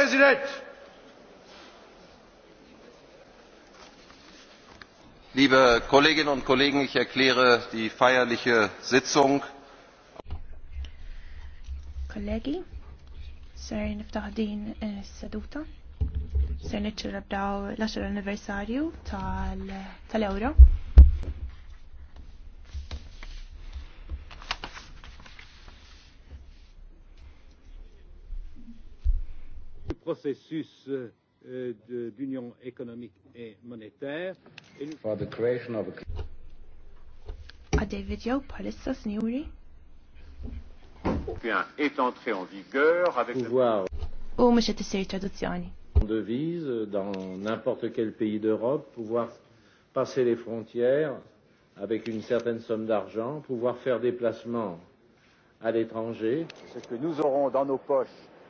President! Liebe Kolleginnen und Kollegen, ich erkläre die feierliche Sitzung. Kollegi, ser niftaħ din eh, seduta. Ser niċċelebdaw l-10 anniversarju tal-Euro. Tal processus euh, euh, d'union économique et monétaire. For the creation of a... A ah, David Yow, palissa snuri. Bien, est entré en vigueur avec... Pouvoir. Ou, mux qed isir traduzzjoni. Devise dans n'importe quel pays d'Europe, pouvoir passer les frontières avec une certaine somme d'argent, pouvoir faire des placements à l'étranger. Ce que nous aurons dans nos poches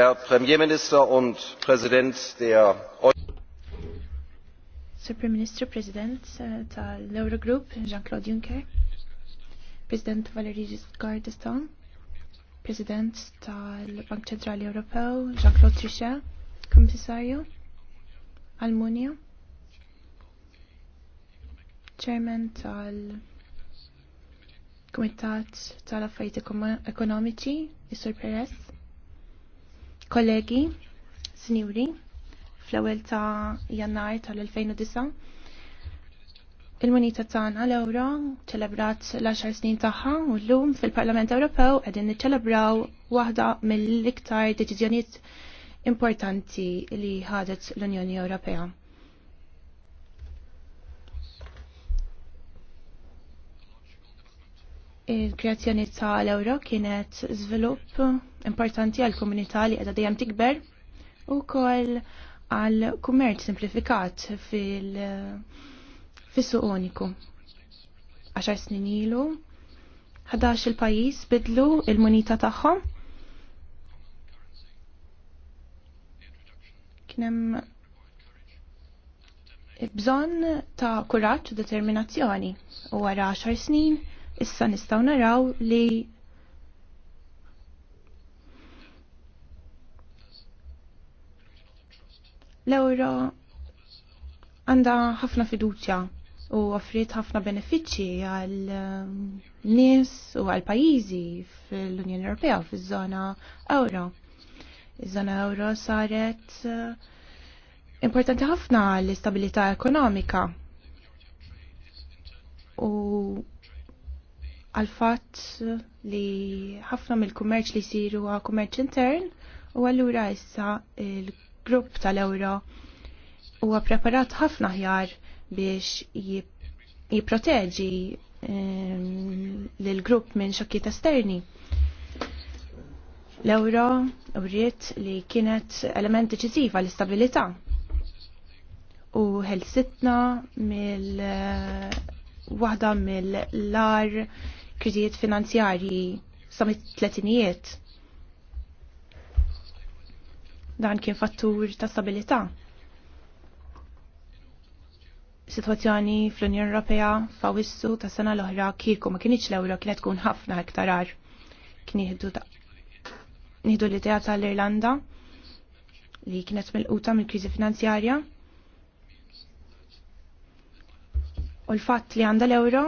Herr Premierminister und Präsident der Sir Prim Ministru, President uh, tal-Eurogroup, Jean-Claude Juncker, President Valéry Giscard d'Estaing, President ta' l bank Ċentrali Ewropew, Jean-Claude Trichet, Komissarju, Almunia, Chairman ta' l komitat ta' l affarijiet Ekonomiċi, Isur Perez, Kollegi, sinjuri, fl ewel ta' Jannar tal-2009, il-munita tagħna l-Ewro ċelebrat l-10 snin tagħha u llum fil-Parlament Ewropew qegħdin niċċelebraw waħda mill-iktar deċiżjonijiet importanti li ħadet l-Unjoni Ewropea. Il-kreazzjoni tal-euro kienet żvilupp importanti għal komunità li qiegħda dejjem tikber u koll għal kummerċ simplifikat fil fissu uniku. 10 snin ilu, ħadax il-pajis bidlu il-munita tagħhom. Kienem bżon ta' kuraġġ u determinazzjoni u għara 10 snin issa nistaw naraw li l-euro għanda ħafna fiduċja u offrit ħafna benefiċċji għal um, nies u għal pajjiżi fl-Unjoni Ewropea u fiż-żona euro. Iż-żona euro saret uh, importanti ħafna l-istabilità ekonomika u għal fatt li ħafna mill-kummerċ li jsiru għal kummerċ intern u allura issa il-grupp tal-Ewro huwa preparat ħafna ħjar biex jipproteġi ehm, lil grupp minn xokkiet esterni. L-Ewro rrit li kienet element deċiżiv l istabilità u ħelsitna mill waħda mill-lar kriżijiet finanzjarji sa mit-tletinijiet. Dan kien fattur ta' stabilità. Situazzjoni fl-Unjoni Ewropea fawissu ta' sena l-oħra kieku ma kienieċ l-ewro kienet tkun ħafna iktar ar. Kien l-idea tal-Irlanda li kienet mill-quta mill-kriżi finanzjarja. U l-fatt li għandha l-euro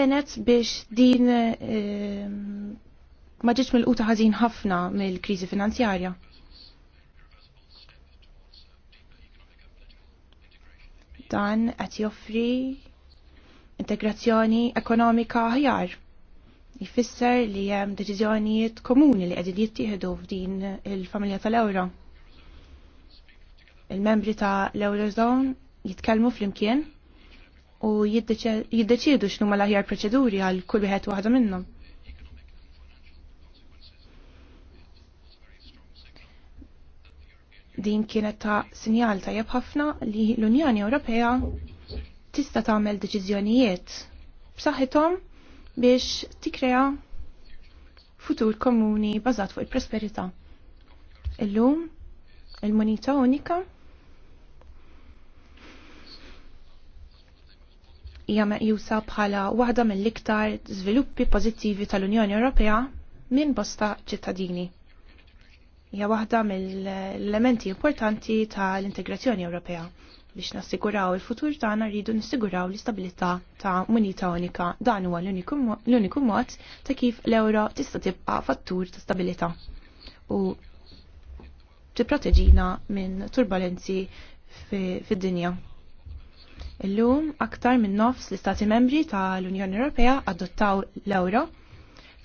enet biex din ehm, ma ġietx mill-quta ħażin ħafna mill-kriżi finanzjarja. Dan qed joffri integrazzjoni ekonomika ħjar. Jfisser li hemm deċiżjonijiet komuni li qegħdin jittieħdu f'din il-familja tal-ewro. Il-membri ta' l-Eurozone jitkellmu flimkien u jiddeċidu x'nu ma l-aħjar proċeduri għal kull wieħed waħda minnhom. Din kienet ta' sinjal tajjeb ħafna li l-Unjoni Ewropea tista' tagħmel deċiżjonijiet b'saħħithom biex tikkrea futur komuni bażat fuq il-prosperità. Illum il-moneta unika hija meqjusa bħala waħda mill-iktar żviluppi pożittivi tal-Unjoni Ewropea minn bosta ċittadini. Hija waħda mill-elementi importanti tal-integrazzjoni Ewropea biex nassiguraw il-futur tagħna rridu nissiguraw l-istabilità ta' munita unika. Dan huwa l-uniku mod ta' kif l-euro tista' tibqa' fattur ta' stabilità u tipproteġina minn turbulenzi fid-dinja. Illum aktar minn nofs l-Istati membri tal-Unjoni Ewropea adottaw l-euro.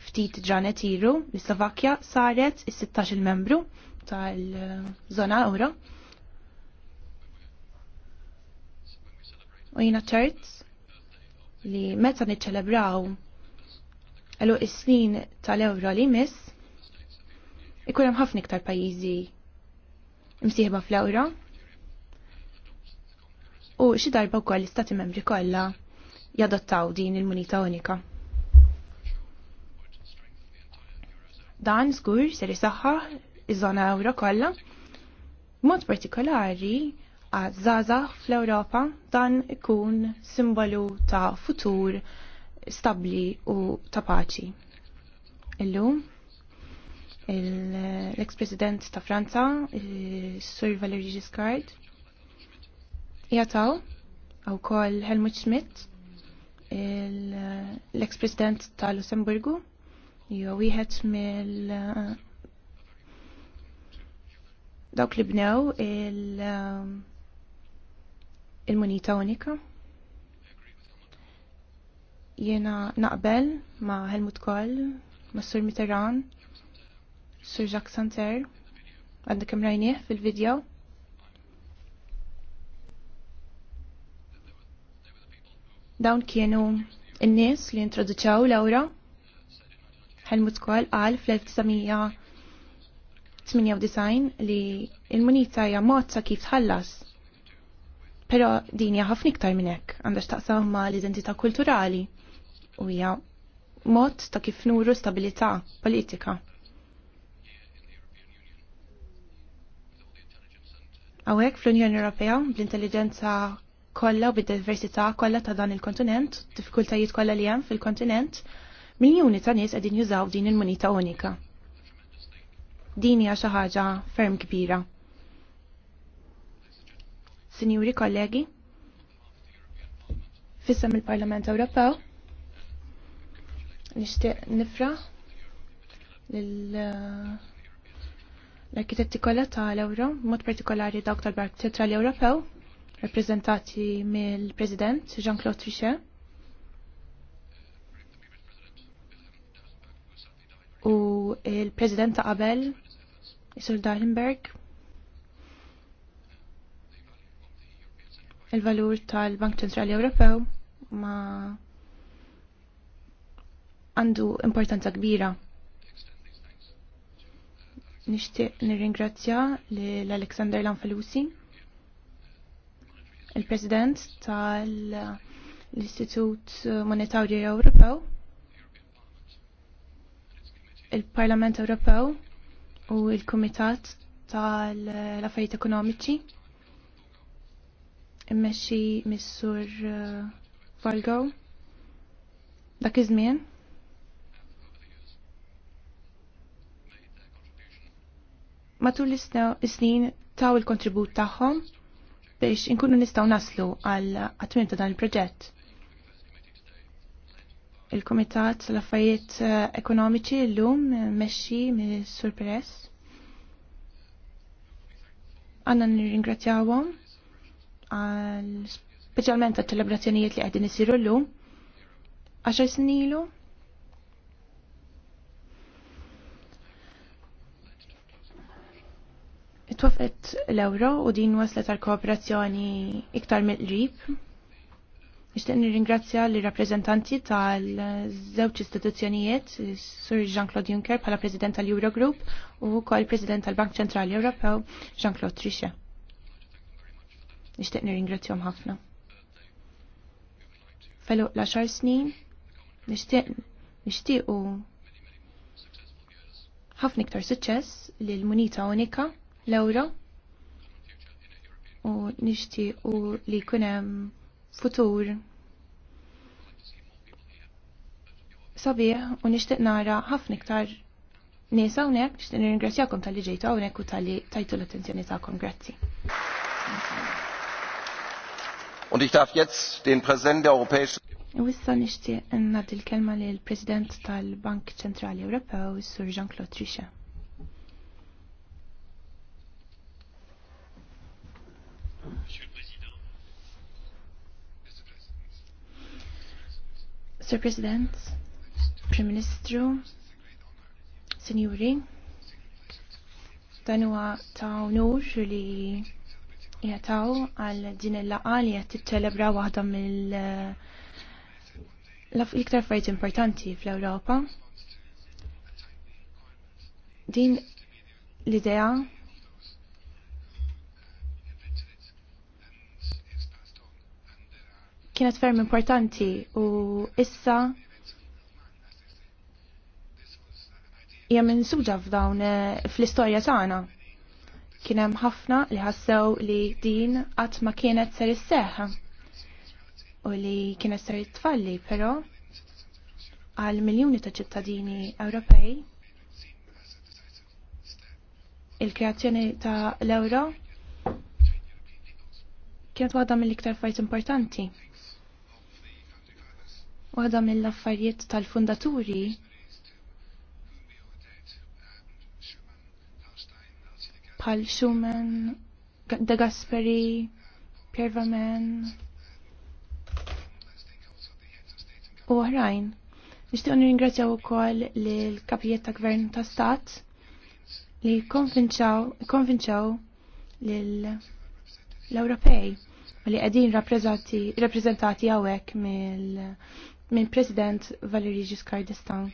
Ftit ġranet iru, l-Slovakkja saret is-16 membru tal-żona euro. U jina ċert li meta niċċelebraw għallu is-snin tal-euro li mis, ikun hemm ħafna iktar pajjiżi msieħba fl-euro u xi darba wkoll l-Istati membri kollha jadottaw din il-munita unika. Dan żgur ser isaħħaħ iż-żona ewro kollha, mod partikolari għaż żgħażagħ fl-Ewropa dan ikun simbolu ta' futur stabbli u ta' paċi. Illum, l-ex-president ta' Franza, Sir Valéry Giscard, jataw, għaw kol Helmut Schmidt, l-ex-president ta' Lussemburgu, jew wieħed mill eh, dawk li bnew eh, il-munita unika. Jena naqbel ma' Helmut Kohl, ma' Sur Mitterrand, Sur Jacques Santer, għandek rajnieh fil-video. Dawn kienu n-nies li introduċaw l-ewro. Helmut Kohl għal fl-1998 li il-munita hija mod sa kif tħallas. Però din hija ħafna iktar minn hekk għandha x'taqsam ma' l-identità kulturali u hija mod ta' kif nuru stabilità politika. Għawek fl-Unjoni Ewropea bl-intelligenza Kolla u bid-diversità kollha ta' dan il-kontinent, diffikultajiet kollha li hemm fil-kontinent, miljuni ta' nies qegħdin jużaw din il-munita unika. Din hija xi ħaġa ferm kbira. Sinjuri kollegi, fissem il-Parlament Ewropew, nixtieq nifra lil eh, l-arkitetti kollha tal-Ewro, mod partikolari dawk tal-Bank Ċentrali Ewropew, rappresentati mill-President Jean-Claude Trichet. U il-President ta' qabel, Isul Dahlenberg. Il-valur tal-Bank Ċentrali Ewropew ma għandu importanza kbira. Nishtiq nirringrazzja l-Alexander Lanfalusi il-President tal-Istitut Monetarju Ewropew, il-Parlament Ewropew u il-Kumitat tal-Affarijiet Ekonomiċi, immexxi Missur Falgo. Uh, dak iż-żmien. Matul is-snin taw il-kontribut tagħhom biex inkunu nistaw naslu għal għatmim ta' dan il-proġett. Il-Komitat l-Affajiet eh, Ekonomiċi l-lum eh, meċi mis sur Peress. Għanna nir-ingrazzjawom għal specialment għal ċelebrazzjonijiet li għedin isiru l-lum. Għaxa jisnilu? twafqet l-euro u din waslet għal kooperazzjoni iktar mill-qrib. Nixtieq nirringrazzja l rappresentanti tal-żewġ istituzzjonijiet, Sur Jean-Claude Juncker bħala President tal-Eurogroup u kol President tal-Bank Ċentrali Ewropew Jean-Claude Trichet. Nixtieq nirringrazzjahom ħafna. Feluq l-10 snin nixtieq nixtiequ ħafna iktar suċċess l Munita Unika l-euro u nishti u li kunem futur sabiħ u nishtiq nara ħafna iktar nisa hawnhekk, nixtieq nirringrazzjakom tal-li ġejtu hawnhekk u tal-li tajtu l-attenzjoni tagħkom. Grazzi. Und ich darf jetzt den Präsidenten der Europäischen U issa nixtieq nagħti l-kelma lill President tal-Bank Ċentrali Ewropew, Sur Jean-Claude Trichet. Sir President, Prim Ministru, Sinjuri, dan huwa ta' onur li jataw għal din il-laqa li qed tiċċelebra waħda mill l-iktar fajt importanti fl-Ewropa. Din l-idea kienet ferm importanti u issa hija minn suġa f'dawn eh, fl-istorja tagħna. Kien hemm ħafna li ħassew li din qatt ma kienet ser isseħħ u li kienet ser tfalli, però għal miljuni ta' ċittadini Ewropej il-kreazzjoni ta' l-euro kienet waħda mill-iktar fajt importanti. Waħda mill-affarijiet tal-fundaturi Pal Schumann, De Gasperi, Pierre Verman u oħrajn. Nishtiq nirringrazzjaw ukoll lil kapijiet ta' gvern ta' stat li konvinċaw lil l-Ewropej li qegħdin rappreżentati hawnhekk mill minn President Valéry Giscard d'Estaing.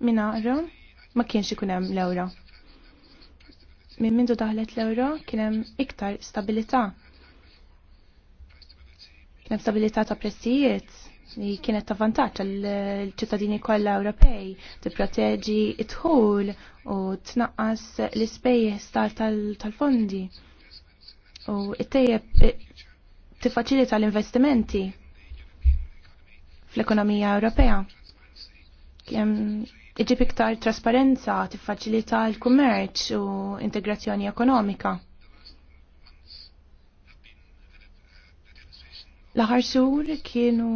aqra? ma kienx ikun hemm l ewro Minn mindu daħlet l-ewra kien hemm iktar stabilità. Kien hemm stabilità ta' prezzijiet li kienet ta' vantaġġ għall-ċittadini kollha Ewropej tipproteġi t-dħul u tnaqqas l-ispejjeż tal-fondi u ttejjeb tiffaċilita l-investimenti fl-ekonomija Ewropea. Iġib iktar trasparenza tiffaċilita l-kummerċ u integrazzjoni ekonomika. L-aħar sur kienu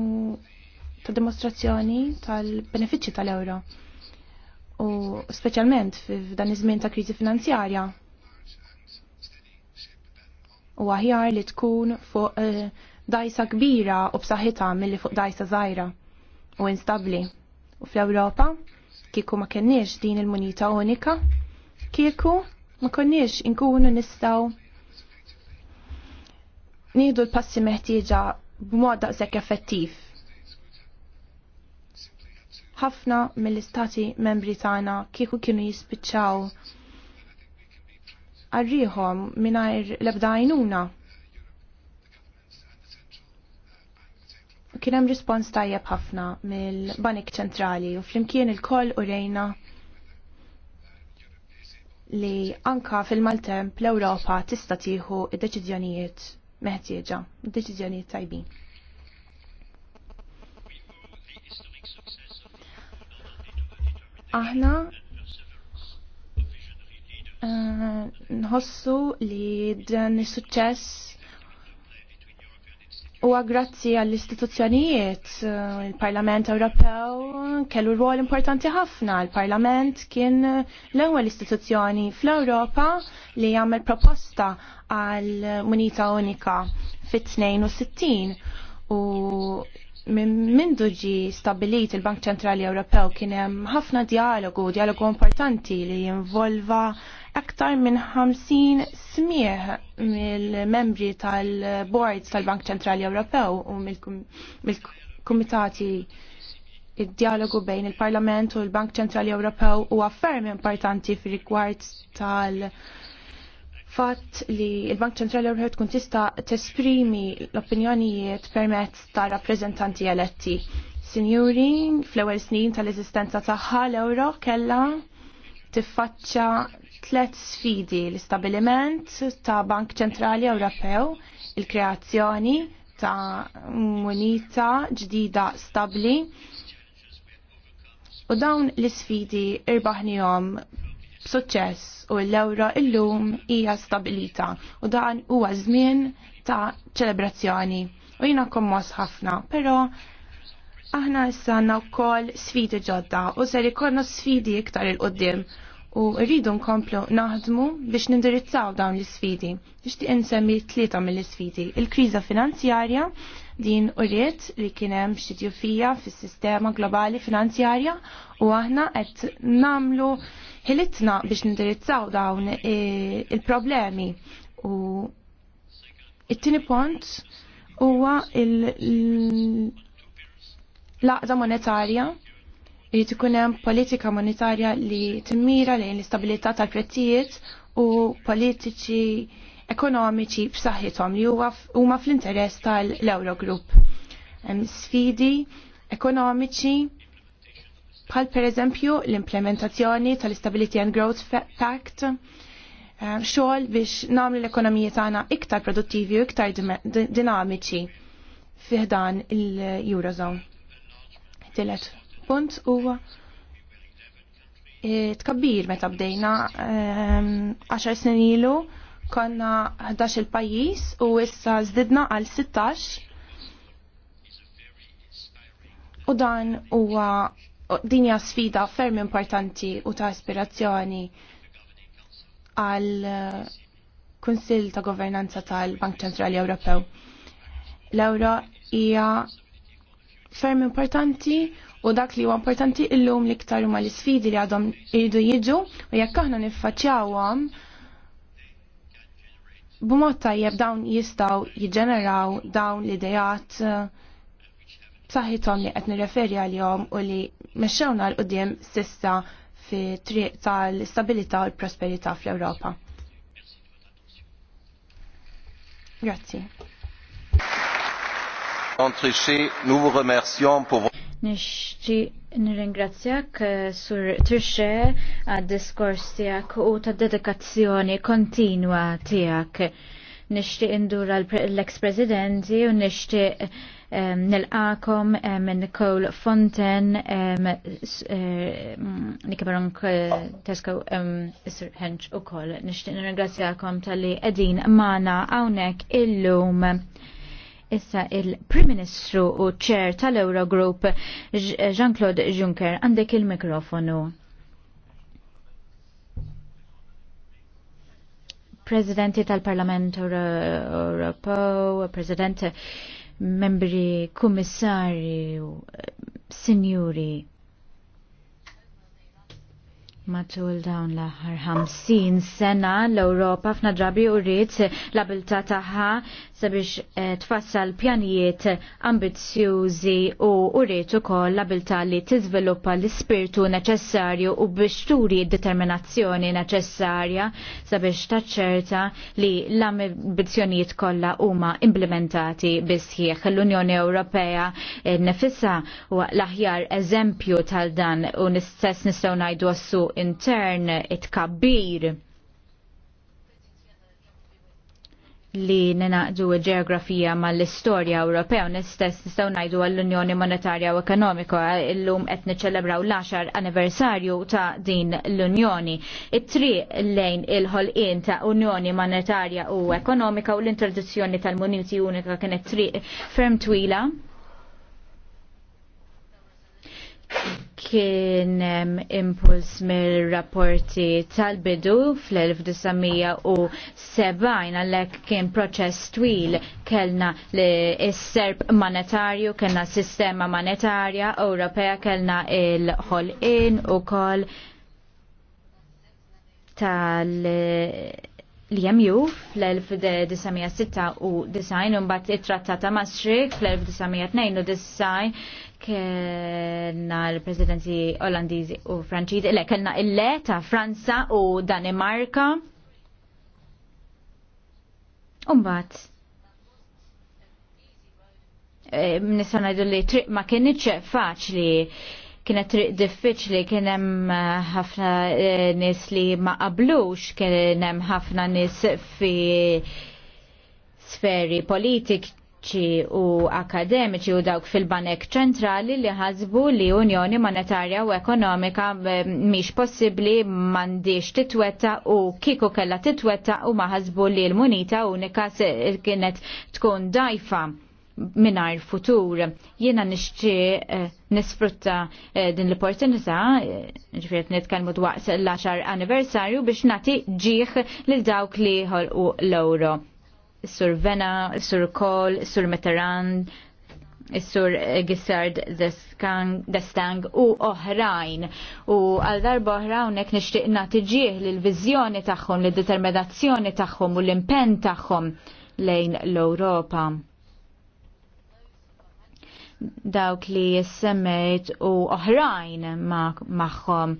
ta' dimostrazzjoni tal-benefiċċji tal-euro u speċjalment f'dan iż-żmien ta' kriżi finanzjarja. U aħjar li tkun fuq uh, dajsa kbira u b'saħħitha milli fuq dajsa żgħira u instabbli. U fl-Ewropa kieku ma kenniex din il-munita unika, kieku ma konniex inkunu nistgħu nieħdu l-passi meħtieġa b'mod daqshekk effettiv. Ħafna mill-istati membri tagħna kieku kienu jispiċċaw għarriħom mingħajr l-ebda għajnuna kien hemm rispons tajjeb ħafna mill-Banik Ċentrali u flimkien il-koll u rejna li anka fil-maltemp l-Ewropa tista' tieħu id-deċiżjonijiet meħtieġa, deċiżjonijiet tajbin. Aħna eh, nħossu li dan is-suċċess U grazzi għall-istituzzjonijiet, eh, il-Parlament Ewropew kellu rwol importanti ħafna. Il-Parlament kien eh, l-ewwel istituzzjoni fl-Ewropa li jagħmel proposta għal munita unika fit-62 u minn mindu ġi stabilit il-Bank Ċentrali Ewropew kien hemm ħafna dialogu, dialogu importanti li jinvolva aktar minn 50 smieħ mill-membri tal-boards tal-Bank Ċentrali Ewropew u mill-kumitati id-dialogu bejn il-Parlament u l-Bank Ċentrali Ewropew u affermi importanti fil rigward tal- fatt li il-Bank Ċentrali Ewropew tkun tista' tesprimi l-opinjonijiet permezz ta' rappreżentanti eletti. Sinjuri, fl-ewwel snin tal-eżistenza tagħha l-Ewro kellha tiffaċċa tlet sfidi l-istabiliment ta' Bank Ċentrali Ewropew, il-kreazzjoni ta' munita ġdida stabli u dawn l-sfidi irbaħnijom b'suċċess u l ewro illum hija stabilita u dan huwa żmien ta' ċelebrazzjoni u jina kommos ħafna, pero aħna issa wkoll sfidi ġodda u ser ikollna sfidi iktar il-qoddim u rridu nkomplu naħdmu biex nindirizzaw dawn l-sfidi. Nixtieq insemmi tlieta mill-sfidi. Il-kriża finanzjarja din u rrit li kien hemm xi djufija fis-sistema globali finanzjarja u aħna qed namlu ħilitna biex nindirizzaw dawn il-problemi u it-tieni pont huwa il laqda monetarja Irid ikun hemm politika monetarja li timmira lejn l-istabilità tal-prezzijiet u politiċi ekonomiċi b'saħħithom li huma fl-interess tal-Eurogroup. Hemm sfidi ekonomiċi bħal pereżempju l-implementazzjoni tal-Stability and Growth Pact, eh, xogħol biex nagħmlu l-ekonomija tagħna iktar produttivi u iktar dinamiċi dan il-Eurozone. Tillet punt huwa eh, tkabbir meta bdejna 10 ehm, snin ilu konna 11 il-pajis u issa zdidna għal 16 u dan huwa dinja sfida ferm importanti u ta' ispirazzjoni għal eh, Kunsil ta' Governanza tal-Bank Ċentrali Ewropew. L-Ewro hija ferm importanti U dak li huwa importanti illum liktar huma l-isfidi li għadhom iridu jiġu u jekk aħna niffaċċjawhom b'mod tajjeb dawn jistgħu jiġġeneraw dawn l-idejat eh, saħħithom li qed nirreferi għalihom u li mexxewna l qudiem sissa fi triq tal-istabilità u l-prosperità fl-Ewropa. Grazie. Trichet, nous vous remercions pour Nixti nirringrazzjak eh, sur Tirxe għad-diskors tijak u ta' dedikazzjoni kontinwa tijak. Nixti indura l ex prezidenti u nixti nil-għakom minn Nicole Fonten, Nikabaron eh, Tesco, Sir Hench u koll. Nixti nirringrazzjakom tal-li edin mana għawnek illum. Issa il-Prim Ministru u ċer tal-Eurogroup Jean-Claude Juncker għandek il-mikrofonu. Presidenti tal-Parlament Ewropew, Presidente membri kummissari Signuri. sinjuri Matul dawn l-aħħar 50 sena l-Ewropa f'na drabi u rrit l-abilta tagħha sabiex eh, tfassal pjanijiet ambizzjużi u rrit ukoll l-abilta li tiżviluppa l-ispirtu neċessarju u biex turi d-determinazzjoni neċessarja sabiex taċċerta li l-ambizzjonijiet kollha huma implementati bisħieħ. L-Unjoni Ewropea eh, nefissa u l-aħjar eżempju tal dan u nistess nistgħu ngħidu assu intern it-kabbir li nenaqdu ġeografija ma l-istorja Ewropea nistess nistgħu ngħidu għall-Unjoni Monetarja u Ekonomika illum qed niċċelebraw l-10 anniversarju ta' din l-Unjoni. It-triq lejn il-ħolqien ta' Unjoni Monetarja u Ekonomika u l-introduzzjoni tal-Muniti Unika kienet triq ferm twila kien impuls mir-rapporti tal-bidu fl-1970 għallek kien proċess twil kellna l-serb monetarju, kellna sistema monetarja Ewropea, kellna il in u kol tal- l jemju fl-1996 u design un bat it-trattata Maastricht fl-1992 kena l-presidenzi Olandiżi u Franċiżi, le kellna il-le ta' Franza u Danimarka. Umbat. E, Nisan għajdu ngħidu li triq ma kienieċ faċli kienet triq diffiċli kien hemm eh, ħafna eh, nies li ma qablux kien hemm ħafna nies fi sferi politik ċi u akademiċi u dawk fil-banek ċentrali li ħasbu li Unjoni Monetarja u Ekonomika eh, miex possibli mandiġ titwetta u kiku kella titwetta u maħasbu li l-munita unika kienet tkun dajfa minar futur. Jena nisċi eh, nisfrutta eh, din l-opportunità, ġifiet nitkalmu dwaqs l-10 anniversarju biex nati ġieħ lil dawk li ħolqu l-euro Sur Vena, Sur Kol, Sur Meteran, Is-sur Gissard Destang u oħrajn. U għal darba oħra hawnhekk nixtieq nagħti l lill-viżjoni tagħhom, lid-determinazzjoni tagħhom u l-impenn tagħhom lejn l-Ewropa dawk li jessemmejt u oħrajn magħhom ma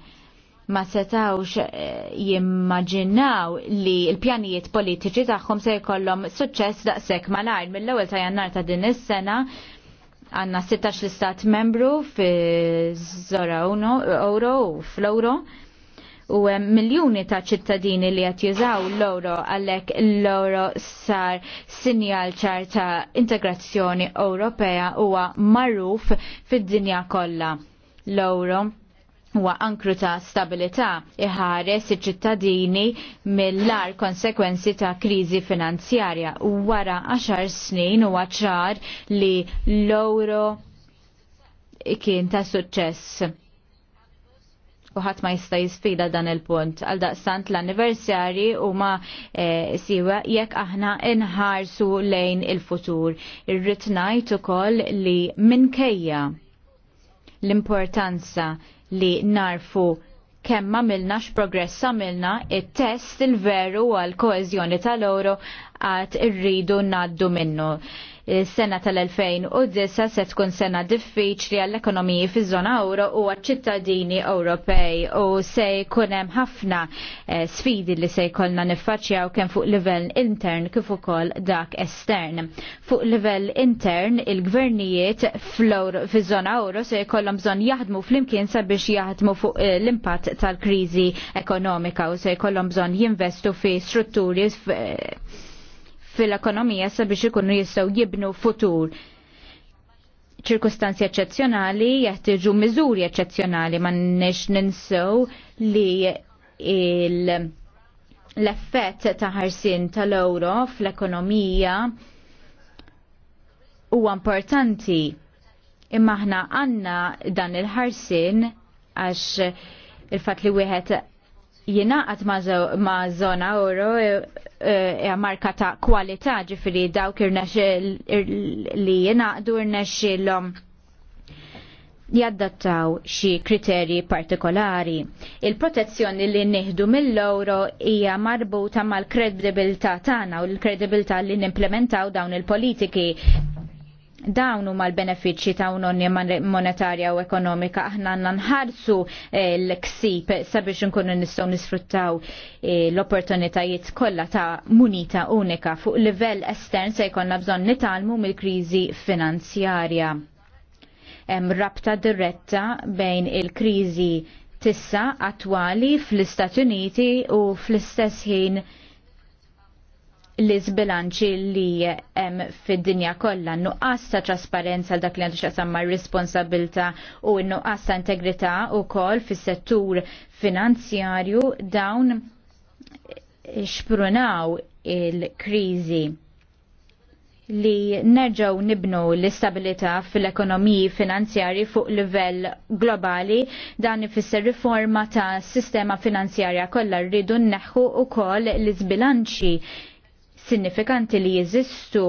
ma setawx eh, jimmaġinaw li l-pjanijiet politiċi tagħhom se jkollhom suċċess daqshekk malajr mill-ewwel ta' jannar ta' din is-sena għandna 16 l-istat membru fi zora euro u fl-euro u miljoni ta' ċittadini li qed jużaw l-euro għalhekk l-euro sar sinjal ċar ta' integrazzjoni Ewropea huwa magħruf fid-dinja kollha. L-euro huwa ankru ta' stabilità iħares iċ-ċittadini mill-ar konsekwenzi ta' kriżi finanzjarja u wara 10 snin huwa ċar li l-euro kien ta' suċċess. U ħadd ma jista' jisfida dan il-punt għal daqstant l-anniversari u ma e, eh, siwa jekk aħna inħarsu lejn il-futur. Irrid ngħid ukoll li minkejja l-importanza li narfu kemm għamilna x'progress għamilna, it-test il-veru għal koeżjoni tal-oro għad irridu naddu minnu sena tal-2009 se tkun sena diffiċli għall-ekonomiji fiż-żona euro u għal ċittadini Ewropej u se jkun hemm ħafna eh, sfidi li se jkollna niffaċċjaw kemm fuq livell intern kif ukoll dak estern. Fuq livell intern il-gvernijiet fi żona euro se jkollhom bżonn jaħdmu flimkien sabiex jaħdmu fuq eh, l-impatt tal-kriżi ekonomika u se jkollhom bżonn jinvestu fi strutturi eh, fil-ekonomija sabiex ikunu jistgħu jibnu futur ċirkustanzi eccezzjonali jeħtieġu miżuri eccezzjonali ma nix ninsew li l-effett ta' ħarsin tal-euro fl-ekonomija huwa importanti imma aħna għandna dan il-ħarsin għax il-fat li wieħed għat ma' zona Oro e, e marka ta' kwalità ġifiri dawk li l irnexxilhom jaddattaw xi kriterji partikolari. Il-protezzjoni li nieħdu mill-euro hija marbuta mal kredibilta tagħna u l-kredibilità li nimplementaw dawn il-politiki dawn huma l-benefiċċji ta' unjoni monetarja u ekonomika aħna għandna nħarsu eh, l-ksib sabiex nkunu nistgħu nisfruttaw eh, l-opportunitajiet kollha ta' munita unika fuq livell estern se jkollna bżonn nitalmu mill-kriżi finanzjarja. Hemm rabta diretta bejn il-kriżi tissa attwali fl-Istati Uniti u fl-istess ħin l sbilanċi li hemm fid-dinja kollha nuqqas ta' trasparenza dak li għandu xasamma responsabilta u nuqqas ta' integrità wkoll fis-settur finanzjarju dawn xprunaw il-kriżi li nerġaw nibnu l-istabilità fil-ekonomiji finanzjari fuq livell globali dan ifisser riforma ta' sistema finanzjarja kollha rridu neħħu koll l-izbilanċi sinifikanti li jeżistu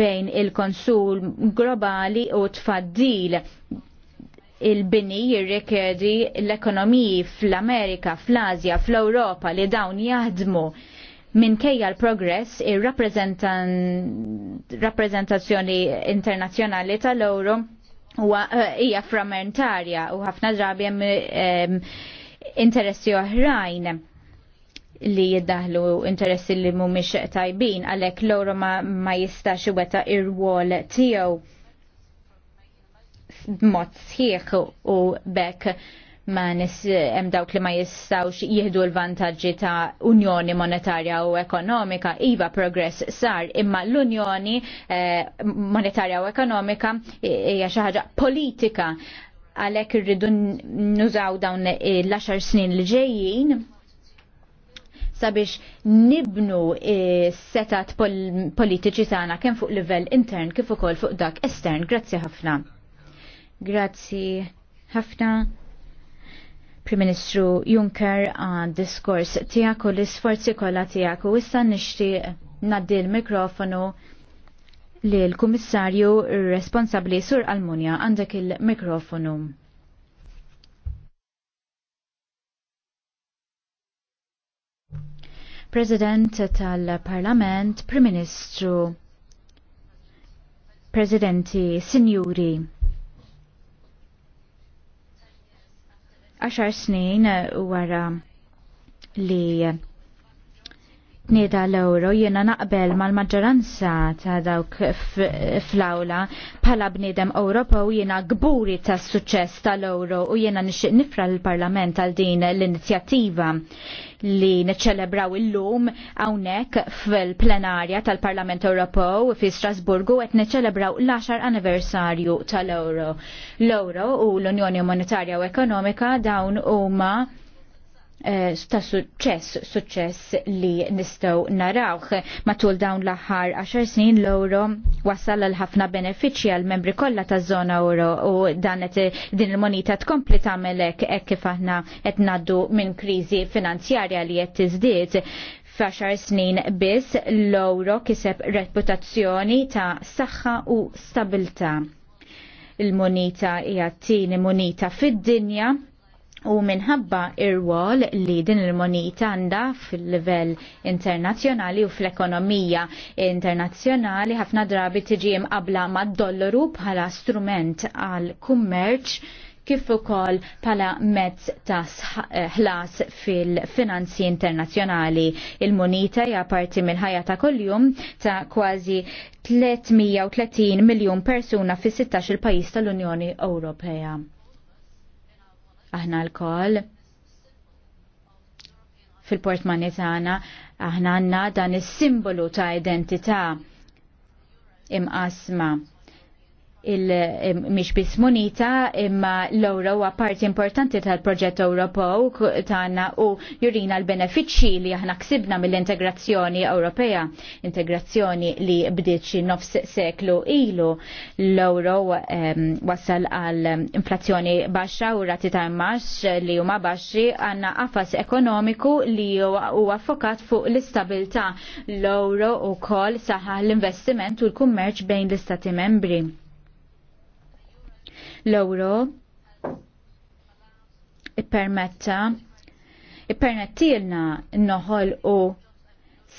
bejn il-konsul globali u tfaddil il-bini jirrikedi l-ekonomiji fl-Amerika, fl-Azja, fl-Europa li dawn jaħdmu minn kejja l-progress il-rappresentazzjoni internazjonali tal-euro eh, hija frammentarja u ħafna drabi eh, interessi oħrajn li jiddaħlu interessi li miex tajbin, għalek l ma, ma jistax weta ir-wol tijaw mod sħiħ u bekk ma nis hemm dawk li ma jistawx jieħdu l-vantaġġi ta' unjoni monetarja u ekonomika iva progress sar imma l-unjoni eh, monetarja u ekonomika eh, hija xi ħaġa politika għalhekk irridu nużaw dawn l-10 snin li ġejjin sabiex nibnu eh, setat politiċi tagħna kemm fuq livell intern kif ukoll fuq dak estern. Grazzi ħafna. Grazzi ħafna. Prim Ministru Juncker għan diskors tiegħek u l-isforzi kollha tiegħek u issa nixtieq naddi l-mikrofonu li l-Kummissarju responsabbli Sur Almunja għandek il-mikrofonu. President tal-Parlament, Prim Ministru, Presidenti, Sinjuri. Għaxar snin wara li Nida l-euro jena naqbel mal-maġġoranza ta' dawk fl-awla pala bnidem Ewropa u jena gburi ta' suċess tal-euro u jena nixiq nifra l-Parlament għal din l-inizjattiva li neċelebraw il-lum għawnek fil-plenarja tal-Parlament Ewropew fi Strasburgu għet neċelebraw l-10 anniversarju tal-euro. L-euro u l-Unjoni Monetarja u Ekonomika dawn huma ma Eh, ta' suċċess, suċċess li nistaw narawħ. Matul dawn l-aħħar 10 snin l-euro wasal għal ħafna benefiċċji għal membri kollha taż-żona euro u dan din il-monita tkompli tagħmel hekk kif aħna qed ngħaddu minn kriżi finanzjarja li qed tiżdied f'għaxar snin biss l-euro kiseb reputazzjoni ta' saħħa u stabilta. Il-monita hija t-tieni monita fid-dinja U minħabba ir-wol li din il-monita għanda fil-level internazzjonali u fl-ekonomija internazzjonali ħafna drabi tiġi imqabla mad-dollaru bħala strument għal kummerċ kif ukoll pala mezz ta' ħlas fil-finanzi internazzjonali. Il-monita hija parti mill-ħajja ta' kuljum ta' kważi 330 miljon persuna fis-16 il-pajjiż tal-Unjoni Ewropea aħna l-koll fil-portmani tagħna aħna għandna dan is-simbolu ta' identità imqasma il-mix bis monita imma l-euro huwa parti importanti tal-proġett Ewropew tagħna u jurina l-benefiċċji li aħna ksibna mill-integrazzjoni Ewropea, integrazzjoni li bdiet xi nofs seklu ilu. L-euro wasal għal inflazzjoni baxxa u rati ta' immax li huma baxxi għandna qafas ekonomiku li huwa fokat fuq l istabilta l-euro u kol saħa l-investiment u l-kummerċ bejn l-istati membri L-euro ippermetta ippermettilna noħol u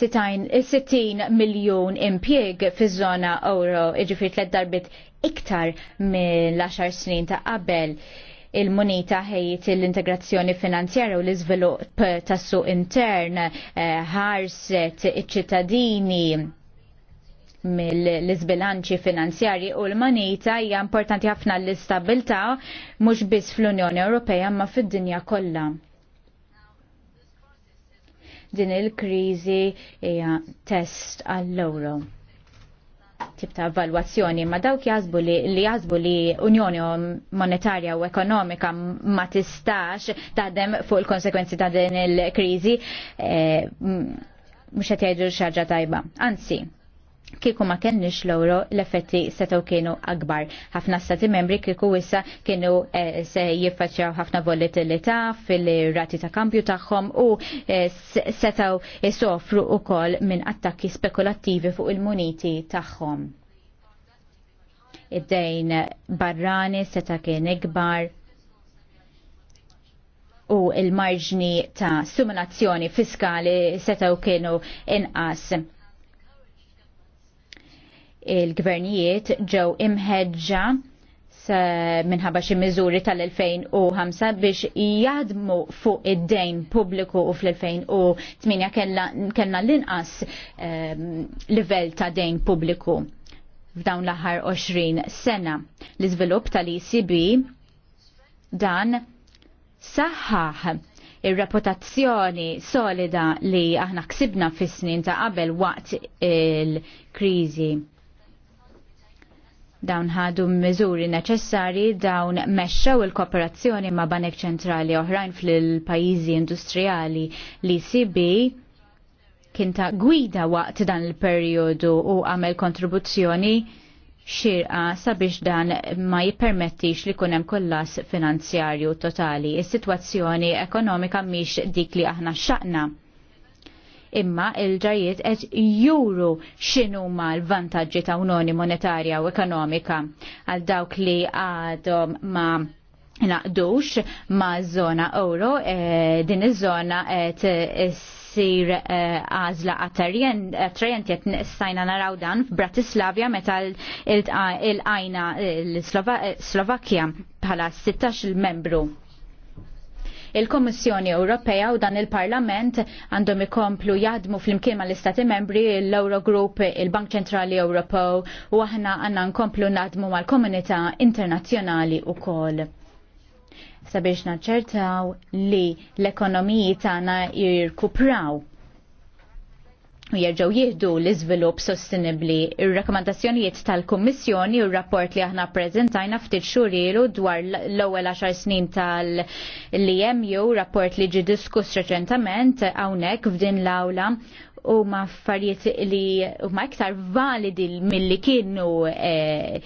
60 miljon impjeg fi zona euro, iġifir tlet darbit iktar mill-10 snin ta' qabel il-munita ħejjit l-integrazzjoni finanzjera u l iżvilupp tas-suq intern eh, ħarset iċ-ċittadini mill-izbilanċi finanzjarji u l-manita hija importanti ħafna l-istabilta mhux biss fl-Unjoni Ewropea ma fid-dinja kollha. Din il-kriżi hija test għall-euro tip ta' valwazzjoni ma dawk jazbu li, li jazbu li unjoni monetarja u ekonomika ma tistax taħdem fuq il-konsekwenzi ta' din il-krizi eh, mhux mux jgħidu xaġa tajba. Anzi, kieku ma kenniex loro l-effetti setaw kienu akbar. Ħafna stati membri kieku wissa kienu eh, se jiffaċċjaw ħafna volatilità fil-rati ta' kampju tagħhom u eh, setaw sofru u wkoll minn attakki spekulattivi fuq il-muniti tagħhom. Id-dejn barrani seta' kien ikbar u il-marġni ta' simulazzjoni fiskali setaw kienu inqas il-gvernijiet ġew imħeġġa minħabba xi miżuri tal-2005 biex jadmu fuq id-dejn pubbliku u fl-2008 kellna l-inqas ehm, livell ta' dejn pubbliku f'dawn l-aħħar 20 sena. L-iżvilupp tal-ECB dan saħħaħ ir-reputazzjoni solida li aħna ksibna fis-snin ta' qabel waqt il-kriżi Dawn ħadu miżuri neċessari dawn mexxew il-kooperazzjoni ma' banek ċentrali oħrajn fil-pajjiżi industrijali li sibi e kien ta' gwida waqt dan il-perjodu u għamel kontribuzzjoni xirqa sabiex dan ma jippermettix li kunem kollas finanzjarju totali. Is-sitwazzjoni ekonomika miex dik li aħna xaqna imma il-ġajiet qed juru x'inhuma l-vantaġġi ta' unjoni monetarja u ekonomika għal dawk li għadhom ma' naqdux ma' zona euro, din iż-żona qed sir għazla attrajenti għet nistajna naraw dan f'Bratislavja meta il-għajna l-Slovakkja bħala 16 membru Il-Kommissjoni Ewropea u dan il-Parlament għandhom ikomplu jaħdmu fl-imkien mal-Istati membri l-Eurogroup, il-Bank Ċentrali Ewropew u aħna għandna nkomplu naħdmu mal-komunità internazzjonali wkoll sabiex naċċertaw li l-ekonomiji tagħna jirkupraw u jerġgħu jieħdu l-iżvilupp sostenibbli. Ir-rakkomandazzjonijiet tal-Kummissjoni u r-rapport li aħna prezentajna ftit xhur ilu dwar l-ewwel 10 snin tal lmu e rapport li ġi diskuss reċentament hawnhekk f'din l-awla u ma affarijiet li ma iktar validi mill-li kienu eh,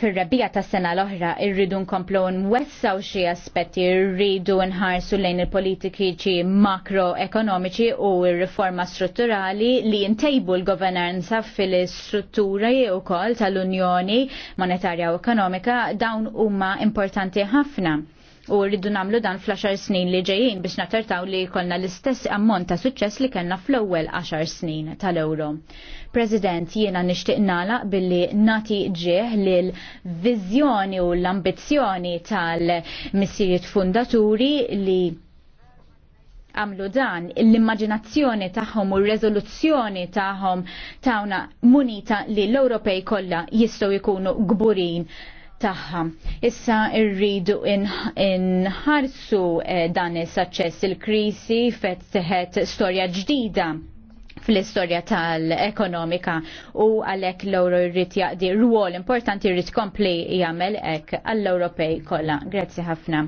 fil-rebija ta' sena l-oħra irridu nkomplu nwessaw xi aspetti irridu nħarsu lejn il-politiki makroekonomiċi u r-riforma strutturali li jintejbu l-governanza fil-struttura u kol tal-Unjoni Monetarja u Ekonomika dawn huma importanti ħafna u rridu namlu dan fl-10 snin li ġejjin biex natertaw li kolna l-istess ammont ta' suċċess li kellna fl-ewwel 10 snin tal-euro. President, jiena nixtieq nagħlaq billi nati ġieħ lil viżjoni u l-ambizzjoni tal-missijiet fundaturi li għamlu dan, l-immaġinazzjoni tagħhom u r reżoluzzjoni tagħhom tawna munita li l-Ewropej kollha jistgħu jkunu gburin taħħa. Issa rridu inħarsu eh, dan is-saċċess il-krisi fetteħet storja ġdida fl-istorja tal-ekonomika u għalhekk l-euro jrid jaqdi rwol importanti jrid kompli jagħmel hekk għall-Ewropej kollha. Grazzi ħafna.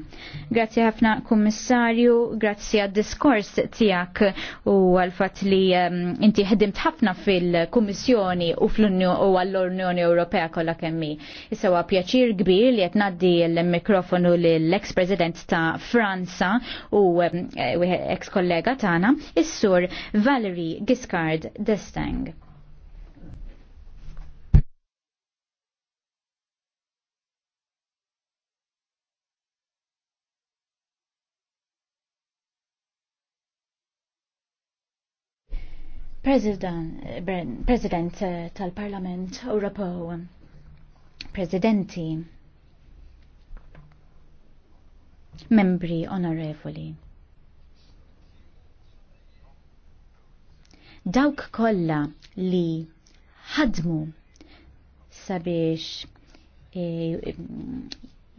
Grazzi ħafna Kummissarju, grazzi għad-diskors tiegħek u għal-fatt li ehm, inti ħdimt ħafna fil-Kummissjoni u fl u għall-Unjoni Ewropea kollha kemmi. Issa huwa pjaċir kbir li qed ngħaddi l-mikrofonu lill-ex-President ta' Franza u ehm, e, ex-kollega tagħna, is-sur Valerie Gis Liskard Destang. President, President eh, tal-Parlament Ewropew, Presidenti, membri onorevoli. dawk kollha li ħadmu sabiex e,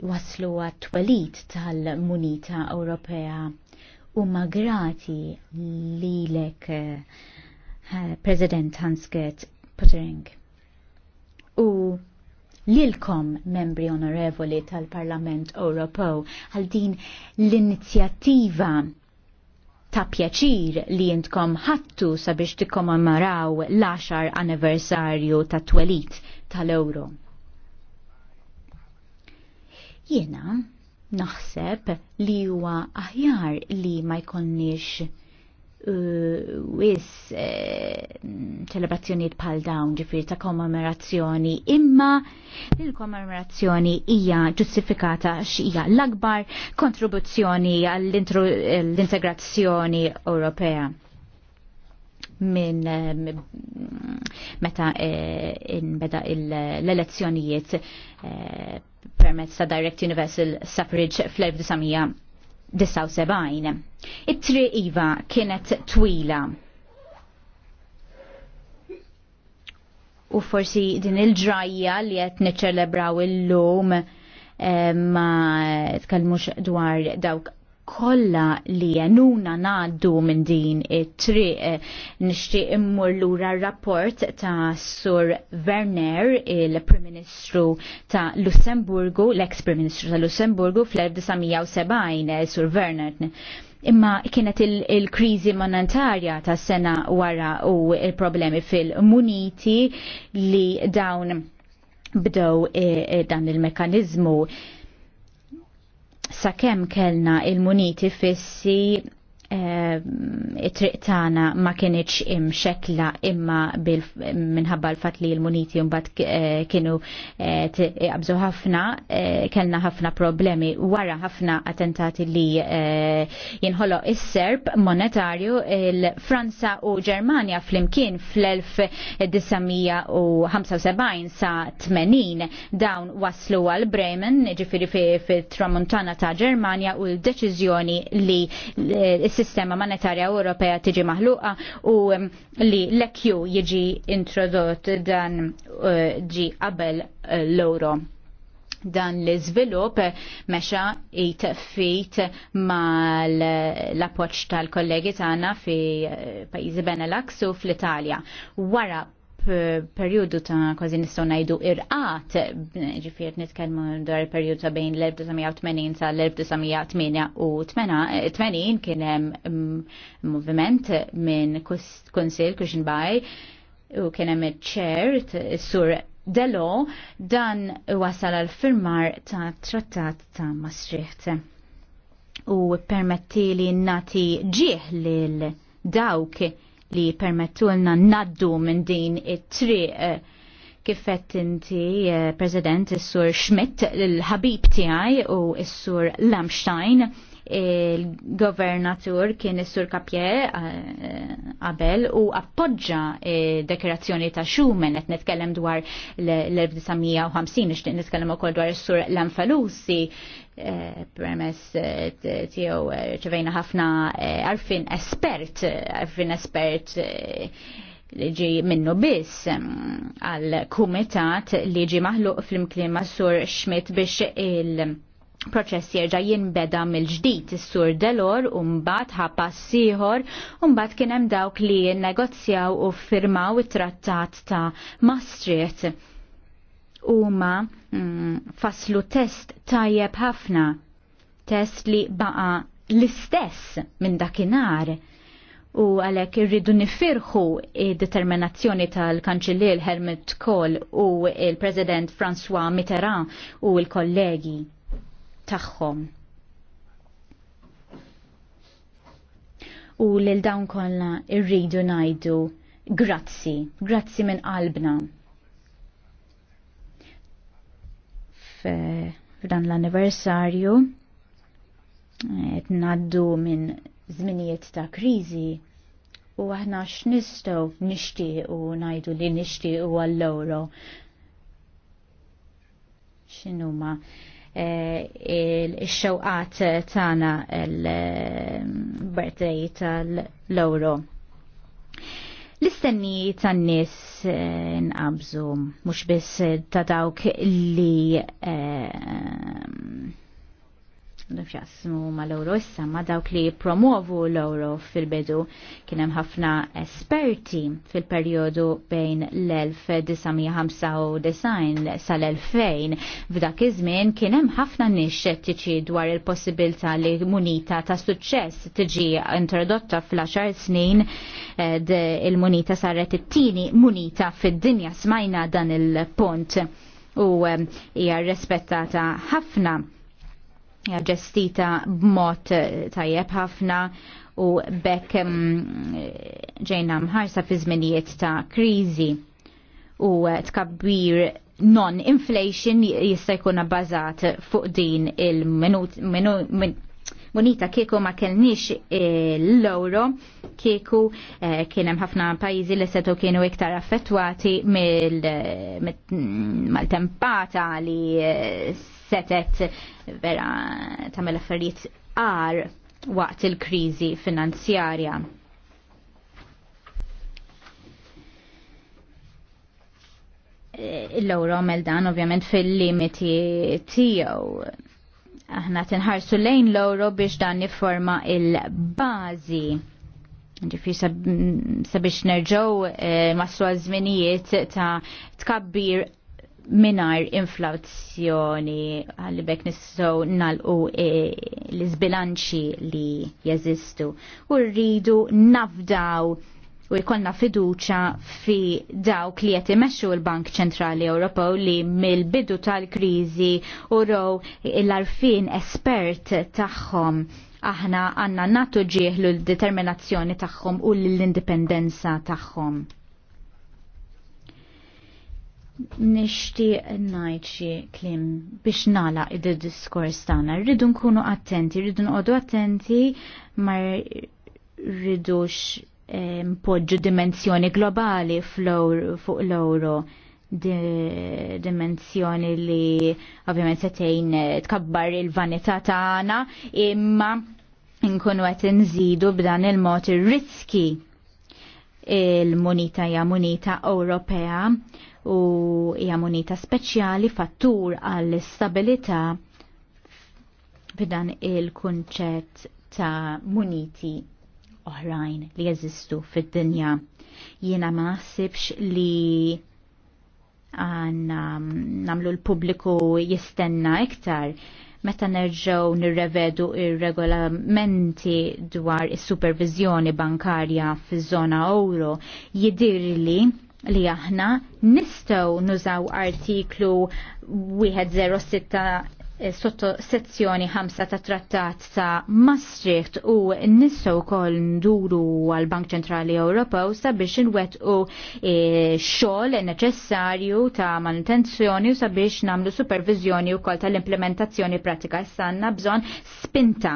waslu għat-twelit tal-Munita Ewropea u magrati li lek e, President Hansgert Pottering. U lilkom membri onorevoli tal-Parlament Ewropew għal din l-inizjattiva ta' pjaċir li jintkom ħattu sabiex tikkommemoraw l-10 anniversarju ta' twelit tal-euro. Jena naħseb li huwa aħjar li ma jkollniex wis e, ċelebrazzjoniet pal dawn ġifir ta' kommemorazzjoni imma il-kommemorazzjoni hija ġustifikata x'hija l-akbar kontribuzzjoni għall-integrazzjoni Ewropea minn e, meta e, inbeda l-elezzjonijiet permezz ta' Direct Universal Suffrage fl-1900 79. It-tri Iva kienet twila. U forsi din il-ġrajja li qed niċċelebraw illum eh, ma tkellmux dwar dawk kolla li jenuna naddu minn din it-triq eh, nishtiq immur lura rapport ta' Sur Werner, il-Prim Ministru ta' Lussemburgu, l-ex-Prim Ministru ta' Lussemburgu fl-1970, eh, Sur Werner. Imma kienet il-krizi il monetarja ta' sena wara u il-problemi fil-muniti li dawn bdew e, e, dan il-mekanizmu sakemm kellna il-muniti fissi it-triq tagħna ma kienieċ imxekla imma minħabba l-fat li l-muniti mbagħad eh, kienu eh, qabżu ħafna, eh, kellna ħafna problemi wara ħafna attentati li jinħolo is-serb monetarju il-Franza u Ġermania flimkien fl-1975 sa 80 dawn waslu għal Bremen, ġifiri fi tramuntana ta' Ġermanja u l-deċiżjoni li sistema monetarja Ewropea tiġi maħluqa u um, li l-EQ jiġi introdott dan uh, ġi qabel uh, l-euro dan l iżvilupp mexa it fit ma l-appoċ tal-kollegi tagħna fi uh, pajjiżi Benelux u fl-Italja. Wara periodu ta' kważi nistgħu ngħidu irqat, ġifier nitkellmu dwar il-perjodu ta' bejn l-1980 sa' l-1988 kien hemm mm, moviment minn Kunsil Bay u kien hemm iċ-chair sur Delo dan wasal għal firmar ta' trattat ta' Maastricht u permetti li nati ġieħ lil dawk li permettulna naddu minn din it-triq kifet inti, President, sur Schmidt, il-ħabib tiegħi u s sur Lamstein, il-governatur kien is sur Kapje qabel u appoġġa dekorazzjoni ta' Schumann, qed nitkellem dwar l-1950, nixtieq nitkellem ukoll dwar is-Sur Lamfalusi Eh, premess eh, tiegħu eh, ċevejna ħafna għarfin espert, għarfin espert li ġi minnu biss mm, għal kumitat li ġi maħluq fl-imklim sur Schmidt biex il- proċess jerġa' jinbeda mill-ġdid is-sur Delor u mbagħad ħapass ieħor u mbagħad kien hemm dawk li negozjaw u firmaw it-trattat ta' Maastricht huma mm, faslu test tajjeb ħafna, test li baqa l-istess minn dakinhar u għalek irridu nifirħu determinazzjoni tal-kanċillir Helmut Kohl u il-President François Mitterrand u il-kollegi tagħhom. U lil dawn kollha irridu ngħidu grazzi, grazzi minn qalbna. Eh, f'dan l-anniversarju qed ngħaddu minn żminijiet ta' kriżi u aħna x'nistgħu nixtiequ ngħidu li nixtiequ għall-ewro. X'inhuma eh, il xewqat tagħna l-birthday tal-ewro. L-istennijiet tan-nies eh, nqabżu mhux biss ta' dawk li eh, nifjaqsmu ma l-euro issa ma dawk li promovu l-euro fil-bidu kienem ħafna esperti fil-periodu bejn l-1995 sal-2000 f'dak iż-żmien kienem ħafna nixxettiċi dwar il-possibilità li munita ta' suċċess tiġi introdotta fl-10 snin eh, il-munita saret it-tieni munita fid-dinja smajna dan il-punt u eh, hija rispettata ħafna ġestita b'mod eh, tajjeb ħafna u bekk mm, ġejna mħarsa fi żminijiet ta' kriżi u eh, tkabbir non-inflation jista' jkun bbażat fuq din il-munita kieku ma kellniex eh, l-euro kieku kien hemm ħafna pajjiżi li setgħu kienu iktar affettwati mal tempata li setet vera tamel affarijiet għar waqt il-kriżi finanzjarja. Eh, l-lowra għamel dan ovvjament fil-limiti tiegħu. Aħna tinħarsu lejn l-lowra biex dan niforma il-bażi ġifir sabiex nerġaw eh, maslu għazminijiet ta' tkabbir minar inflazzjoni għalli bekk nal-u e, l-izbilanċi li jeżistu u rridu nafdaw u jkollna fiduċa fi dawk li qed imexxu l-Bank Ċentrali Ewropew li mill-bidu tal-kriżi u row l-arfin espert tagħhom aħna għanna natu ġieħlu l-determinazzjoni tagħhom u l-indipendenza tagħhom nishtiq ngħid xi klim biex nala id-diskors tagħna. Rridu nkunu attenti, rridu nqogħdu attenti ma rridux eh, mpoġġu dimensjoni globali fuq l-euro dimensjoni li ovvjament setejn eh, tkabbar il-vanità tagħna imma nkunu qed inżidu b'dan il-mod ir-riski il munita hija munita Ewropea u hija munita speċjali fattur għall stabilità b'dan il-kunċett ta' muniti oħrajn li jeżistu fid-dinja. Jiena ma naħsibx li għanna namlu l-publiku jistenna iktar meta nerġgħu nirrevedu ir-regolamenti dwar is-supervizjoni bankarja fiż-żona euro jidirli li aħna nistgħu nużaw artiklu 106 Eh, sotto sezzjoni ħamsa ta' trattat sa' Maastricht u nissa u kol nduru għal Bank Ċentrali Ewropew sabiex nwet u e, eh, xol neċessarju ta' manutenzjoni u sabiex namlu supervizjoni u kol tal-implementazzjoni pratika s-sanna bżon spinta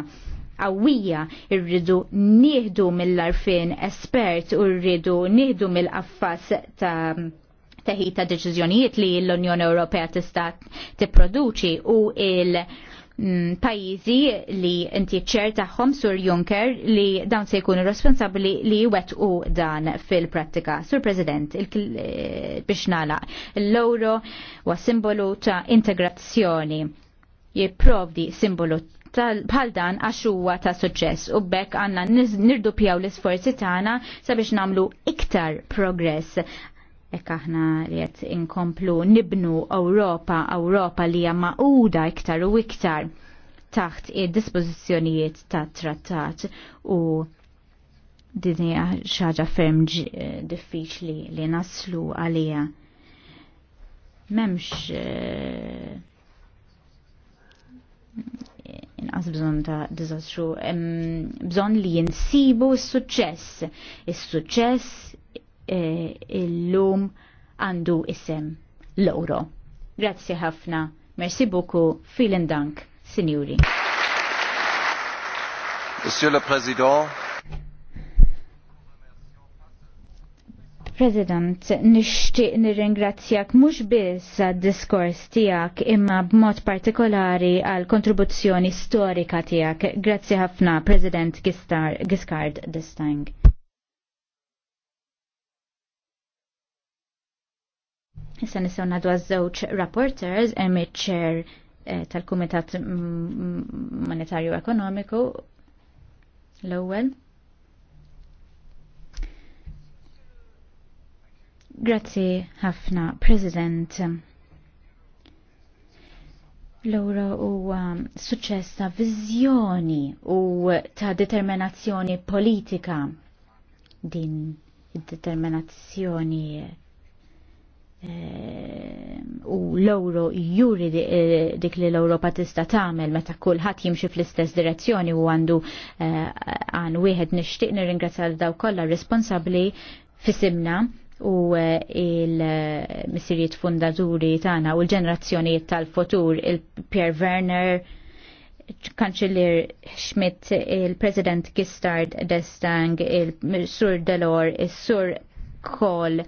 qawwija irridu nieħdu mill-arfin espert u rridu nieħdu mill affas ta' teħita deċiżjonijiet li l-Unjoni Ewropea tista' tipproduċi u il- mm, pajizi li inti ċer taħħom sur Juncker li dawn se jkunu responsabli li wet u dan fil-prattika. Sur President, eh, biex nala, l-euro wa simbolu ta' integrazzjoni. Jiprovdi simbolu bħal dan għax huwa ta' suċċess u bekk għandna nirdupjaw l-isforzi tagħna sabiex nagħmlu iktar progress Ek aħna li qed inkomplu nibnu Ewropa, Ewropa li hija maquda iktar u iktar taħt id-dispożizzjonijiet tat trattat u dinja xaġa ferm eh, diffiċli li naslu għalija. Memx eh, inqas bżon ta' dizastru, bżon li jinsibu s-suċess. Is-suċess Eh, illum għandu isem l oro Grazzi ħafna, merci buku, filen dank, sinjuri. Monsieur le Président, President, nishtiq nirringrazzjak mhux biss għad-diskors tiegħek imma b'mod partikolari għal kontribuzzjoni storika tiegħek. Grazzi ħafna, President Giscard Destang. Issa nisew nadu żewġ rapporters, Emmet Chair eh, tal-Kumitat Monetarju Ekonomiku l-ewwel. Grazzi ħafna, President. L-ewro suċċess ta' viżjoni u ta' determinazzjoni politika din id-determinazzjoni u l-euro juri eh, dik li l-Europa tista' tagħmel meta kulħadd jimxi fl-istess direzzjoni u għandu eh, għan wieħed nixtieq nirringrazzja daw kollha responsabbli fisimna u eh, il-missirijiet fundaturi tagħna u l-ġenerazzjonijiet tal-futur il-Pierre Werner Kanċillier Schmidt, il-President Gistard Destang, il-Sur Delor, il-Sur Kohl,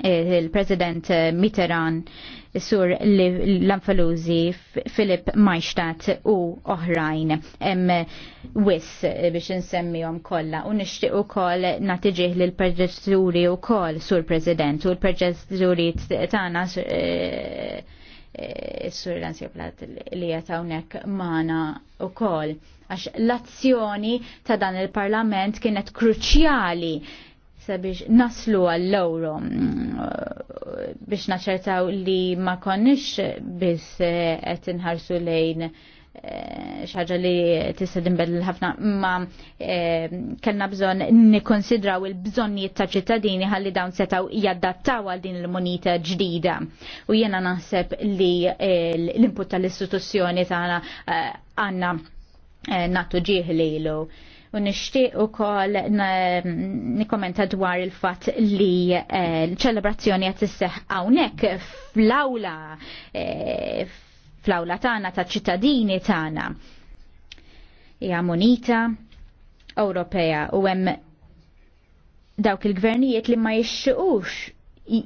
Eh, il-President eh, Mitterrand, Sur Lamfaluzi, Filip Majstat u oħrajn. Em wis eh, biex nsemmihom kollha u nixtieq ukoll natiġih lil preġessuri wkoll Sur President u l-preġessuri tagħna Sur Lanzjoplat li qed hawnhekk magħna ukoll għax l-azzjoni ta' dan il-Parlament kienet kruċjali biex naslu għall-loro mm, biex naċertaw li ma konniex biss eh, qed inħarsu lejn eh, xaġa li tista' dinbedel ħafna ma eh, kellna bżonn nikkonsidraw il-bżonnijiet ta' ċittadini ħalli dawn setgħu jadattaw għal din il-munita ġdida. U jiena naħseb li l-input tal-istituzzjoni tagħna għandna natu ġieħ lejlu. U nishtiq u kol nikomenta dwar il-fat li eh, ċelebrazzjoni għat s-seħ għawnek fl-awla eh, fl-awla tana ta' ċittadini tana. Ija monita Ewropea u hemm dawk il-gvernijiet li ma jixxuqux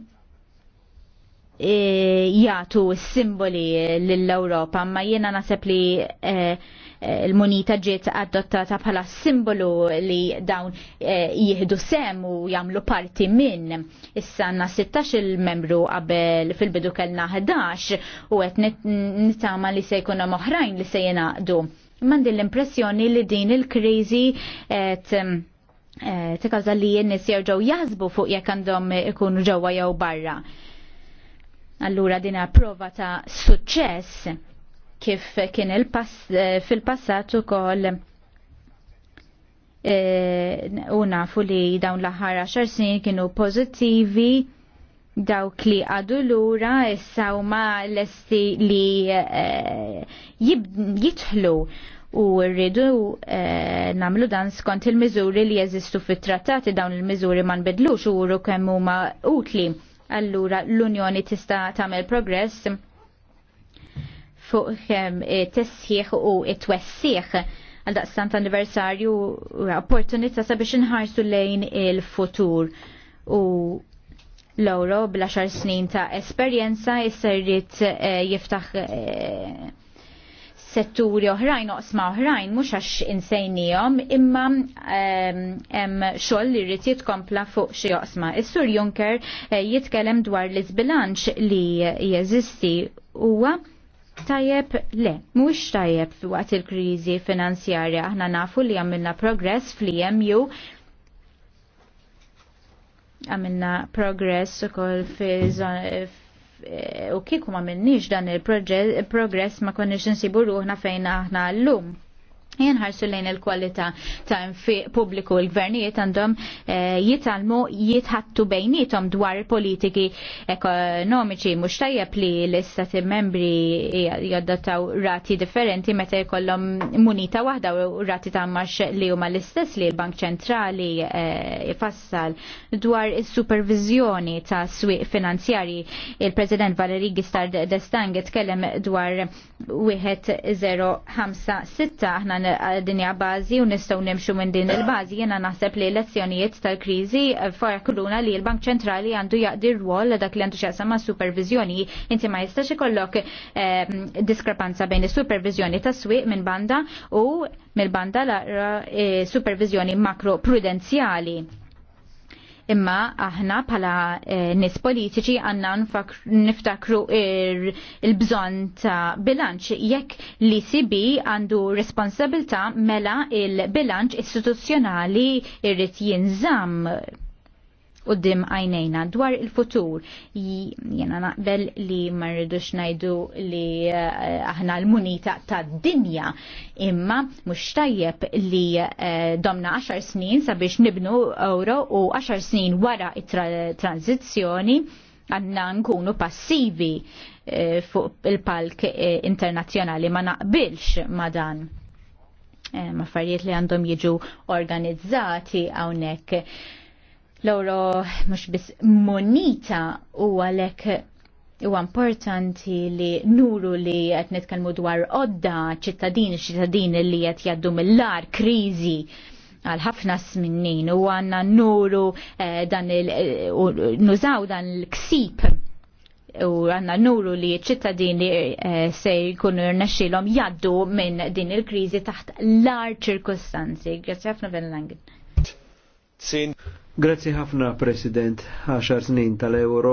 E, jagħtu simboli lill-Ewropa, ma jiena naħseb li e, e, l munita ġiet adottata bħala simbolu li dawn jihdu sem u jamlu parti minn. Issa għanna 16 il-membru qabel fil-bidu kellna 11 u għet nittama li se jkunu moħrajn li se jenaqdu. Mandi l-impressjoni li din il-krizi tikkaza li jenni jirġaw jazbu fuq jek għandhom ikunu ġewwa jew barra Allura din prova ta' suċċess kif kien eh, fil-passat ukoll eh, u nafu li dawn l 10 snin kienu pożittivi dawk li għadu lura issa huma lesti li eh, jitħlu u rridu namlu dan skont il-miżuri li jeżistu fit-trattati dawn il-miżuri ma nbidlux u kemm huma utli allura l-Unjoni tista' tagħmel progress fuq ehm, tessieħ u it-twessieħ għal daqstant anniversarju opportunità sabiex inħarsu lejn il-futur u l ewro bla xar snin ta' esperjenza jisserrit eh, jiftaħ eh, setturi oħrajn, oqsma oħrajn, mhux għax insejnijom, imma hemm xogħol li rrid jitkompla fuq xi oqsma. Is-Sur Juncker eh, jitkellem dwar l iżbilanċ li jeżisti huwa Tajjeb, le, mhux tajjeb waqt il kriżi finanzjarja aħna nafu li għamilna progress fl-EMU għamilna progress ukoll fi eh, u kieku ma minnix dan il-progress ma konniex nsibu ruħna fejn aħna l-lum jenħarsu lejn il-kwalità ta' infiq pubbliku l-gvernijiet għandhom eh, jitalmu jitħattu bejnietom dwar politiki ekonomiċi mhux tajjeb li l-istati membri jaddataw rati differenti meta jkollhom munita waħda u rati ta' marx li huma l-istess li l-Bank Ċentrali jfassal. Eh, dwar is-supervizjoni ta' swieq finanzjari il-President Valeri Gistard Destang tkellem dwar 1056 aħna dan eh, dinja bażi u nistgħu nimxu minn din il-bażi jiena naħseb li l-lezzjonijiet tal-kriżi eh, fara kuluna li l-Bank Ċentrali għandu jaqdi rwol dak li għandu xaqsa ma' supervizjoni inti ma jistax ikollok eh, diskrepanza bejn is-supervizjoni tas-swieq minn banda u mill-banda la supervizjoni makro prudenziali. Imma aħna pala eh, nis politiċi għanna niftakru il-bżon ta' bilanċ. Jekk li sibi għandu responsabilta mela il-bilanċ istituzzjonali irrit jinżam dim għajnejna dwar il-futur jena naqbel li marridux najdu li eh, aħna l-munita ta' dinja imma mux tajjeb li eh, domna 10 snin sabiex nibnu euro u 10 snin wara it-tranzizjoni għanna nkunu passivi eh, fuq il-palk internazjonali ma naqbilx ma dan ma li għandhom jiġu organizzati għawnek l-euro mux bis monita u għalek u importanti li nuru li għet netkalmu dwar odda ċittadini ċittadini li għet jaddu mill-lar krizi għal ħafna sminnin u għanna nuru eh, dan dan eh, nużaw dan l-ksib u għanna nuru li ċittadini eh, se jkunu rnexxilhom jaddu minn din il-kriżi taħt l-ar ċirkostanzi. Grazie ħafna Ben Langen. Grazzi ħafna, President, 10 snin tal-euro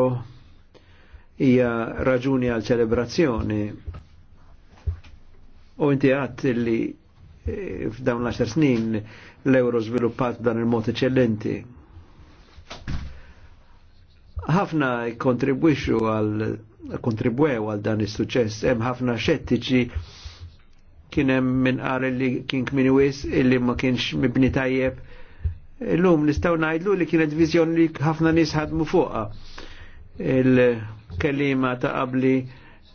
hija raġuni għal ċelebrazzjoni. U inti għat li eh, f'dawn l-10 snin l-euro sviluppat dan il-mod eċellenti. Ħafna kontribwixu għal kontribwew għal dan is-suċess, hemm ħafna xettiċi kien hemm min qari li kien kmini wis illi ma kienx mibni tajjeb l-lum nistgħu najdlu li kienet viżjoni li ħafna nies ħadmu fuqha. Il-kelima ta' qabli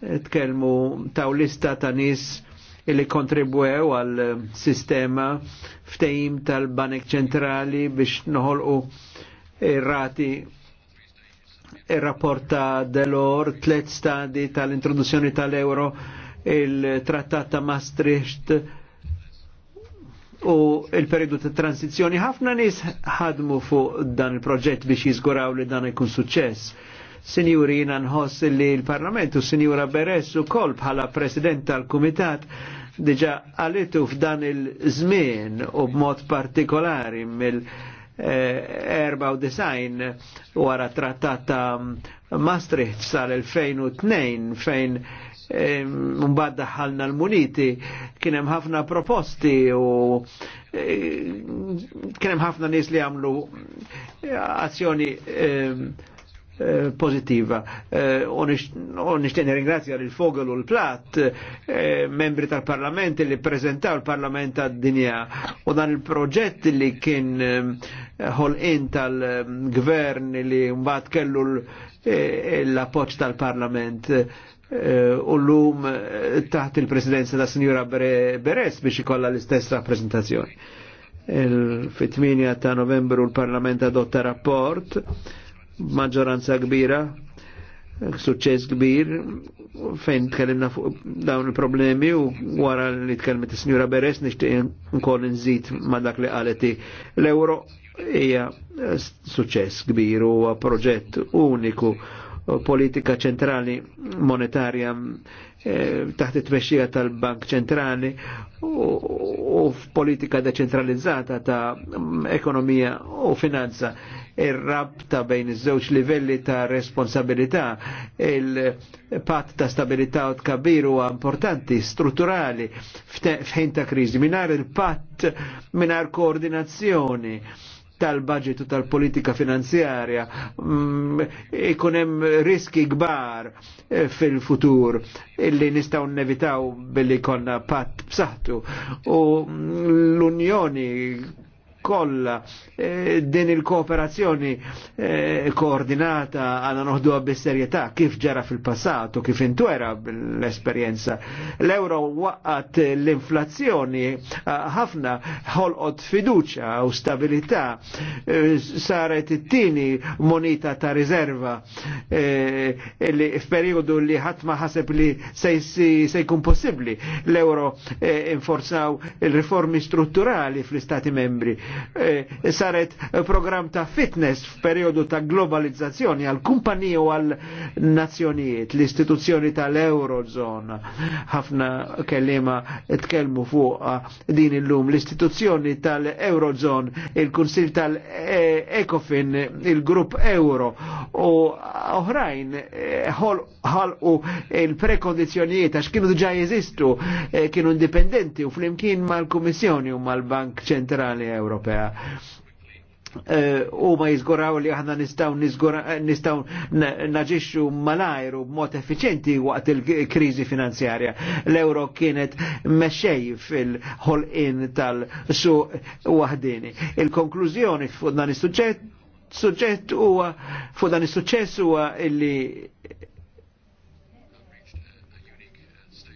eh, tkellmu ta' lista ta' nies illi kontribwew għal eh, sistema ftejim tal-Banek Ċentrali biex noħolqu ir-rati eh, il-rapport ta' Delor, tlet stadi tal-introduzzjoni tal-euro, il-trattat ta' Maastricht, u il-periodu ta' transizjoni ħafna nis ħadmu fuq dan il-proġett biex jizguraw li dan ikun suċċess. Sinjuri jina nħoss li l parlamentu Sinjura Beres u kol bħala President tal-Kumitat diġa għalitu f'dan il-żmien u b'mod partikolari mill- 94 eh, wara trattata Maastricht sal-2002 fejn Mbagħad daħħalna l-muniti, kien hemm ħafna proposti u kien hemm ħafna nies li għamlu eh, azzjoni eh, pozitiva. Eh, u nixtieni ringrazzja lil Fogel u l-Platt, membri tal-Parlament li prezentaw il-Parlament għad-dinja u dan il-proġett li kien ħol-in tal-gvern li mbagħad kellu l-appoġġ tal-Parlament. Eh, u l-lum eh, taħt il-presidenza ta' Signora Beres biex ikolla l-istess rappresentazzjoni. Fit-8 ta' novembru l-Parlament adotta rapport maġġoranza kbira, suċċess kbir, fejn tkellimna fuq dawn il-problemi u wara li tkellmet is-Sinjura Beres nixtieq nkoll nżid ma' dak li qaleti l-euro hija suċċess kbir u proġett uniku politika ċentrali monetarja eh, taħt it-tmexxija tal-Bank ċentrali u f'politika deċentralizzata ta' ekonomija u finanza ir-rabta bejn iż-żewġ livelli ta' responsabilità il-patt ta' stabilità u tkabbir huwa importanti, strutturali f'ħin ta' kriżi, mingħajr il-patt mingħajr koordinazzjoni tal-budget u tal-politika finanzjarja mm, ikun hemm riski kbar eh, fil-futur illi nistgħu nevitaw billi konna patt b'saħħtu u mm, l-Unjoni kolla e, din il-kooperazzjoni e, koordinata għana noħduha bis-serjetà kif ġara fil-passat u kif intwera l esperienza L-euro waqqat l-inflazzjoni ħafna ħolqot fiduċa u stabilità e, saret it tini moneta ta' riserva e, li f'periodu li ħatma ħaseb li se possibli l-euro e, inforzaw il reformi strutturali fl-Istati membri Eh, saret program ta' fitness f'periodu ta' globalizzazzjoni għal kumpaniji u għal nazzjonijiet, l-istituzzjoni tal-Eurozone. Ħafna kellima tkellmu fuq din illum l-istituzzjoni tal-Eurozone, il-Kunsil tal-Ecofin, il-Grupp Euro u oħrajn eh, ħalqu il-prekondizjonijiet għax kienu ġa jeżistu, eh, kienu indipendenti u flimkien mal-Kummissjoni u mal-Bank Ċentrali Euro. Ewropea e, u ma jizguraw li aħna nistaw naġiċu malajru b'mod effiċenti waqt il-krizi finanzjarja. L-euro kienet meċej fil-ħolqin tal-su wahdini. Il-konklużjoni fuq dan is suċet huwa fuq dan is-suċċess huwa illi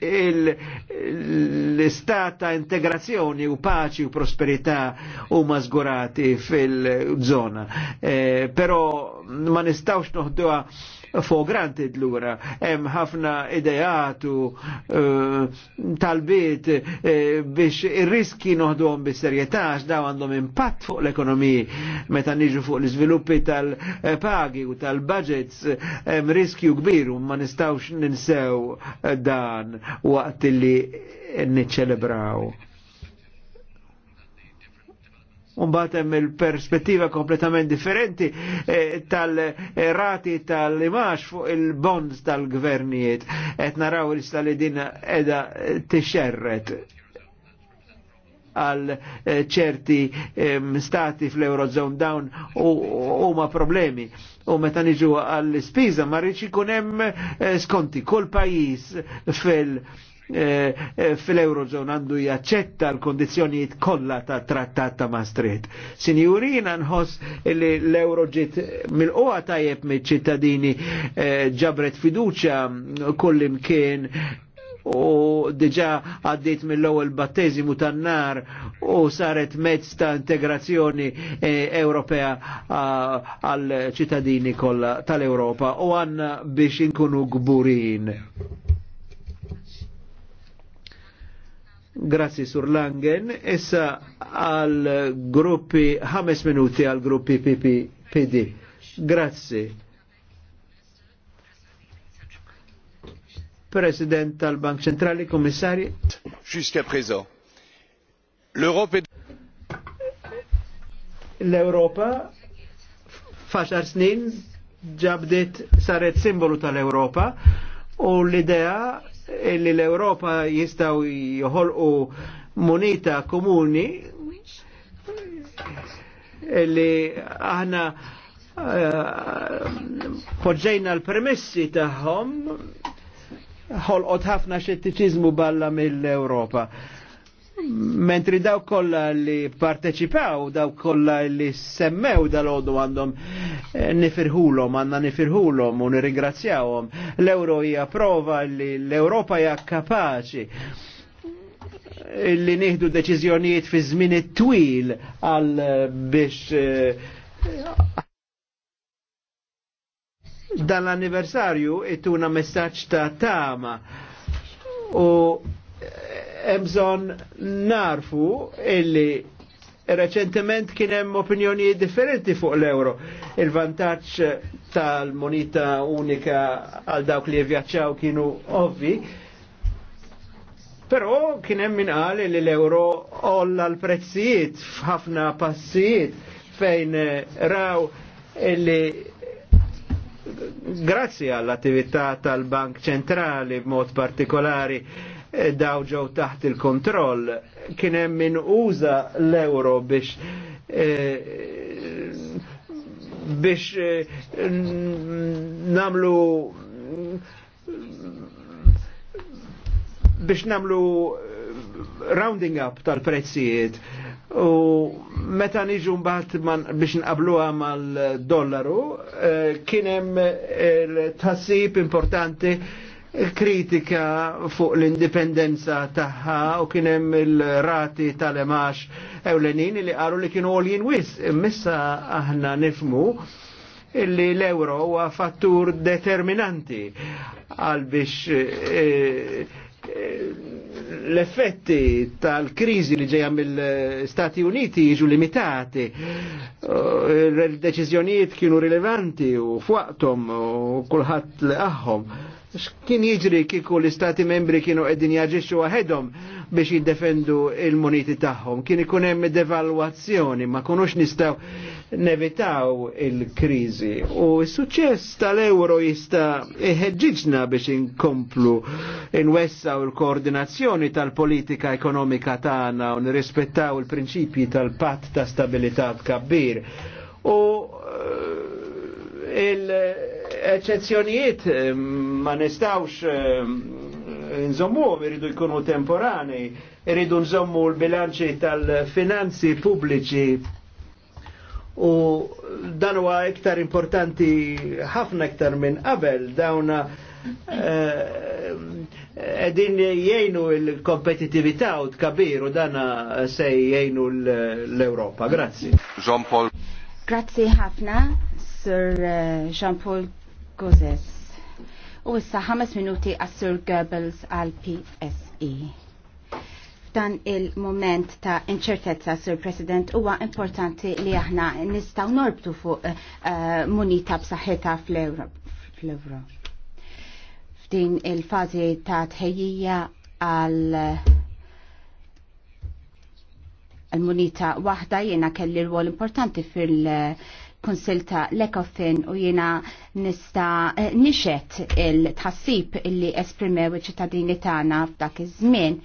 l-istat ta' integrazzjoni u paċi u prosperità huma żgurati fil-żona. Eh, però ma nistawx noħduha For granted lura Hemm ħafna idejatu uh, talbiet eh, biex ir-riski noħduhom bis-serjetà daw għandhom impatt fuq l-ekonomiji meta niġu fuq l-iżviluppi tal-pagi u tal-budgets hemm riskju kbir u ma nistgħux ninsew dan waqt li niċċelebraw Umbat hemm il-perspettiva kompletament differenti eh, tal-rati tal-imax fuq il-bonds tal-gvernijiet. Et naraw issa li din edha t-xerret għal eh, ċerti stati fl-Eurozone dawn u ma problemi u meta niġu għall spiza ma rridx ikun hemm eh, skonti kull pajjiż fil- Eh, eh, fil-Eurozone għandu jaċċetta l-kondizjonijiet kollha ta' trattat ta' Maastricht. Sinjurina nħoss li l-Euro ġiet mill-qoa tajjeb mill-ċittadini eh, ġabret fiduċa kullimkien u diġa għaddit mill-ewwel battezimu tan-nar u saret mezz ta' integrazzjoni Ewropea għal ċittadini kollha tal-Ewropa u għanna biex inkunu gburin. Grazzi Sur Langen. Issa għal gruppi, ħames minuti għal gruppi PD. Grazzi. President tal-Bank Centrali, Kommissari. Jusqu'à présent, L'Europa est... L'Europa faċar snin ġabdit saret simbolu tal-Europa u l-idea li l-Europa jistaw joħolqu moneta komuni li aħna eh, poġġejna l-premessi tagħhom ħolqot ħafna xettiċiżmu balla mill-Europa mentri daw kolla li parteċipaw, daw kolla li semmew dal-ħodu għandhom eh, nifirħulom, għanna nifirħulom u nirringrazzjawom. L-euro hija prova li l-Europa hija kapaċi eh, li nieħdu deċiżjonijiet fi żmien twil għal eh, biex dan l-anniversarju ittuna messaġġ ta' tama u bżon narfu illi reċentement kien hemm differenti fuq l-euro. Il-vantaġġ tal-monita unika għal dawk li vjaċċaw kienu ovvi, però kien hemm min qal li l-euro olla l-prezzijiet f'ħafna passijiet fejn raw illi grazzi għall-attività tal-Bank Ċentrali b'mod partikolari E daw ġew taħt il-kontroll. Kien hemm min uża l-euro biex e, biex e, namlu biex namlu rounding up tal-prezzijiet u meta niġu mbagħad biex nqabluha mal-dollaru kien hemm tħassib importanti kritika fuq l-indipendenza taħħa u kien hemm il-rati tal-emax ewlenin li għaru li kienu għol wis. Missa aħna nifmu illi l-euro huwa fattur determinanti għal biex eh, eh, l-effetti tal-krizi li ġeja mill-Stati Uniti jiġu limitati. Il-deċizjonijiet eh, kienu rilevanti u fuqtom u kulħadd li aħħom x'kien jiġri kieku l-istati membri kienu qegħdin jaġixxu waħedhom biex jiddefendu il-muniti tagħhom. Kien ikun hemm devalwazzjoni, ma kunux nistgħu nevitaw il-kriżi. U s-suċċess tal-euro jista' iħedġiġna biex inkomplu inwessaw il-koordinazzjoni tal-politika ekonomika tagħna u nirrispettaw il-prinċipji tal-patt ta' stabilità kabbir. U eh, il- eccezzjonijiet eh, ma nistawx eh, nżommu, irridu jkunu temporani, irridu nżommu l-bilanċi tal-finanzi pubbliċi u dan huwa iktar importanti ħafna iktar minn qabel dawna eh, edin jgħinu il kompetitivita u tkabir u dana sej jgħinu l-Europa. Grazzi. Jean-Paul. Grazzi ħafna, Sir Jean-Paul Gozes. U issa ħames minuti għas-Sur Goebbels għal PSE. F'dan il-moment ta' inċertezza, Sur President, huwa importanti li aħna nistgħu norbtu fuq uh, munita b'saħħitha fl ewro F'din il-fażi ta' tħejjija għal għal munita waħda jiena kelli l-wol importanti fil- uh, kunsil l-ekofin u jena nista eh, nixet il-tħassib illi esprimew iċ-ċittadini tagħna f'dak iż-żmien.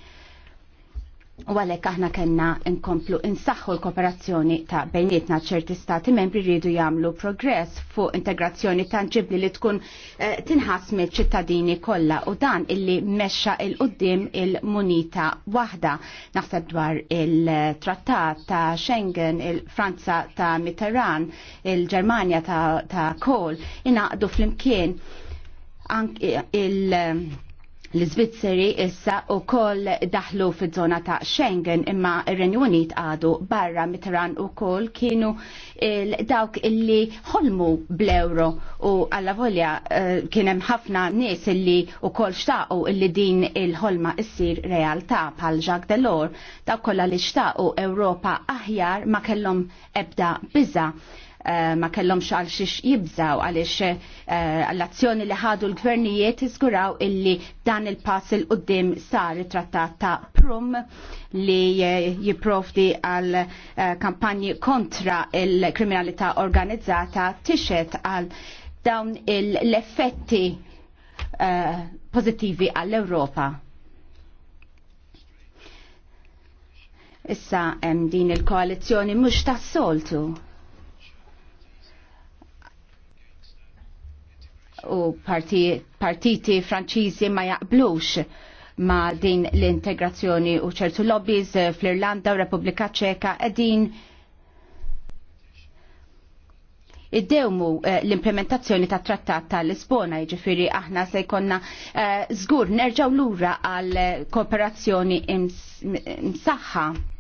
U għalek aħna kena nkomplu insaħħu l-kooperazzjoni ta' bejnietna ċerti stati membri rridu jagħmlu progress fuq integrazzjoni tangibli li tkun eh, tinħass mill-ċittadini kollha u dan illi mexxa il qudiem il-munita waħda naħseb dwar il-trattat ta' Schengen, il-Franza ta' Mitterrand, il-Ġermanja ta', ta Kohl inaqdu flimkien anke il- L-Svizzeri issa u koll daħlu fi zona ta' Schengen imma il renju Unit għadu barra mitran u koll kienu il dawk illi ħolmu bl-euro u għalla volja eh, kienem ħafna nies illi u koll xtaqu illi din il-ħolma issir realtà pal Jacques Delors dawk kolla li xtaqu Ewropa aħjar ma kellhom ebda biza'. Eh, ma kellhomx għal xiex jibżaw għaliex eh, l-azzjoni li ħadu l-gvernijiet jizguraw illi dan il-pass il qudiem sar it-trattat ta' Prum li eh, jipprovdi għal kampanji kontra il-kriminalità organizzata tixet għal dawn l-effetti uh, pozittivi għall-Europa. Issa hemm din il koalizjoni mhux tas-soltu. u partiti franċiżi ma jaqblux ma din l-integrazzjoni u ċertu lobbies fl-Irlanda u Repubblika Ċeka edin iddewmu eh, l-implementazzjoni ta' trattat ta' Lisbona, ġifiri aħna se jkonna zgur eh, nerġaw lura għal kooperazzjoni msaħħa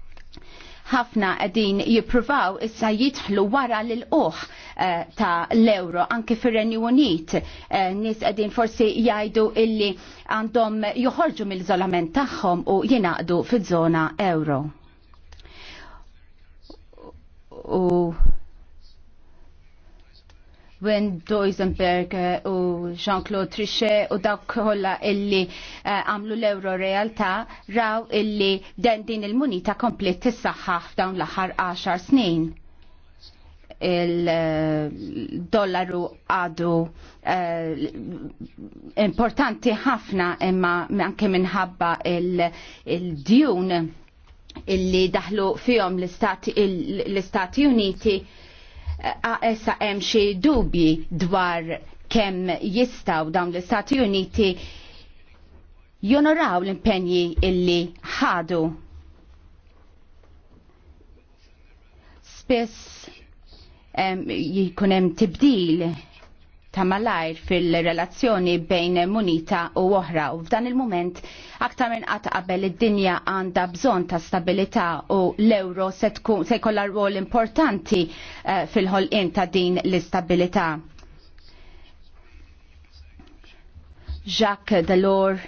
ħafna qegħdin jippruvaw issa jidħlu wara lil uħ eh, ta' l-euro anke fir-Renju Unit. Eh, nies qegħdin forsi jgħidu illi għandhom joħorġu mill-iżolament tagħhom u jingħaqdu fiż-żona euro. U Wen Duisenberg eh, u Jean-Claude Trichet u dawk kollha illi eh, għamlu l-euro realtà raw illi dan din il-munita komplet tissaħħaħ f'dawn l-aħħar 10 snin il-dollaru eh, għadu importanti ħafna imma anke minħabba il-djun illi daħlu fihom l-Istati Uniti għessa hemm xi dubji dwar kemm jistaw dawn l-Istati Uniti jonoraw l-impenji illi ħadu. Spess jikunem hemm tibdil ta' malajr fil-relazzjoni bejn munita u oħra u f'dan il-moment aktar minn qatt qabel id-dinja għandha bżonn ta' stabilità u l-euro se jkollha rwol importanti eh, fil-ħolqien ta' din l-istabilità. Jacques Delors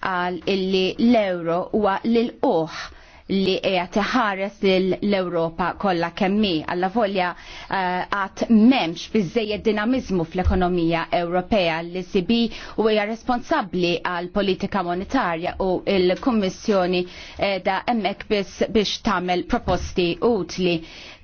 għal illi l-euro huwa lil uħ li qiegħed tiħares l-Ewropa kollha kemmi alla volja eh, għad m'hemmx biżejjed dinamiżmu fl-ekonomija Ewropea li sibi u hija responsabbli għal politika monetarja u l-Kummissjoni da hemmhekk biss biex tagħmel proposti utli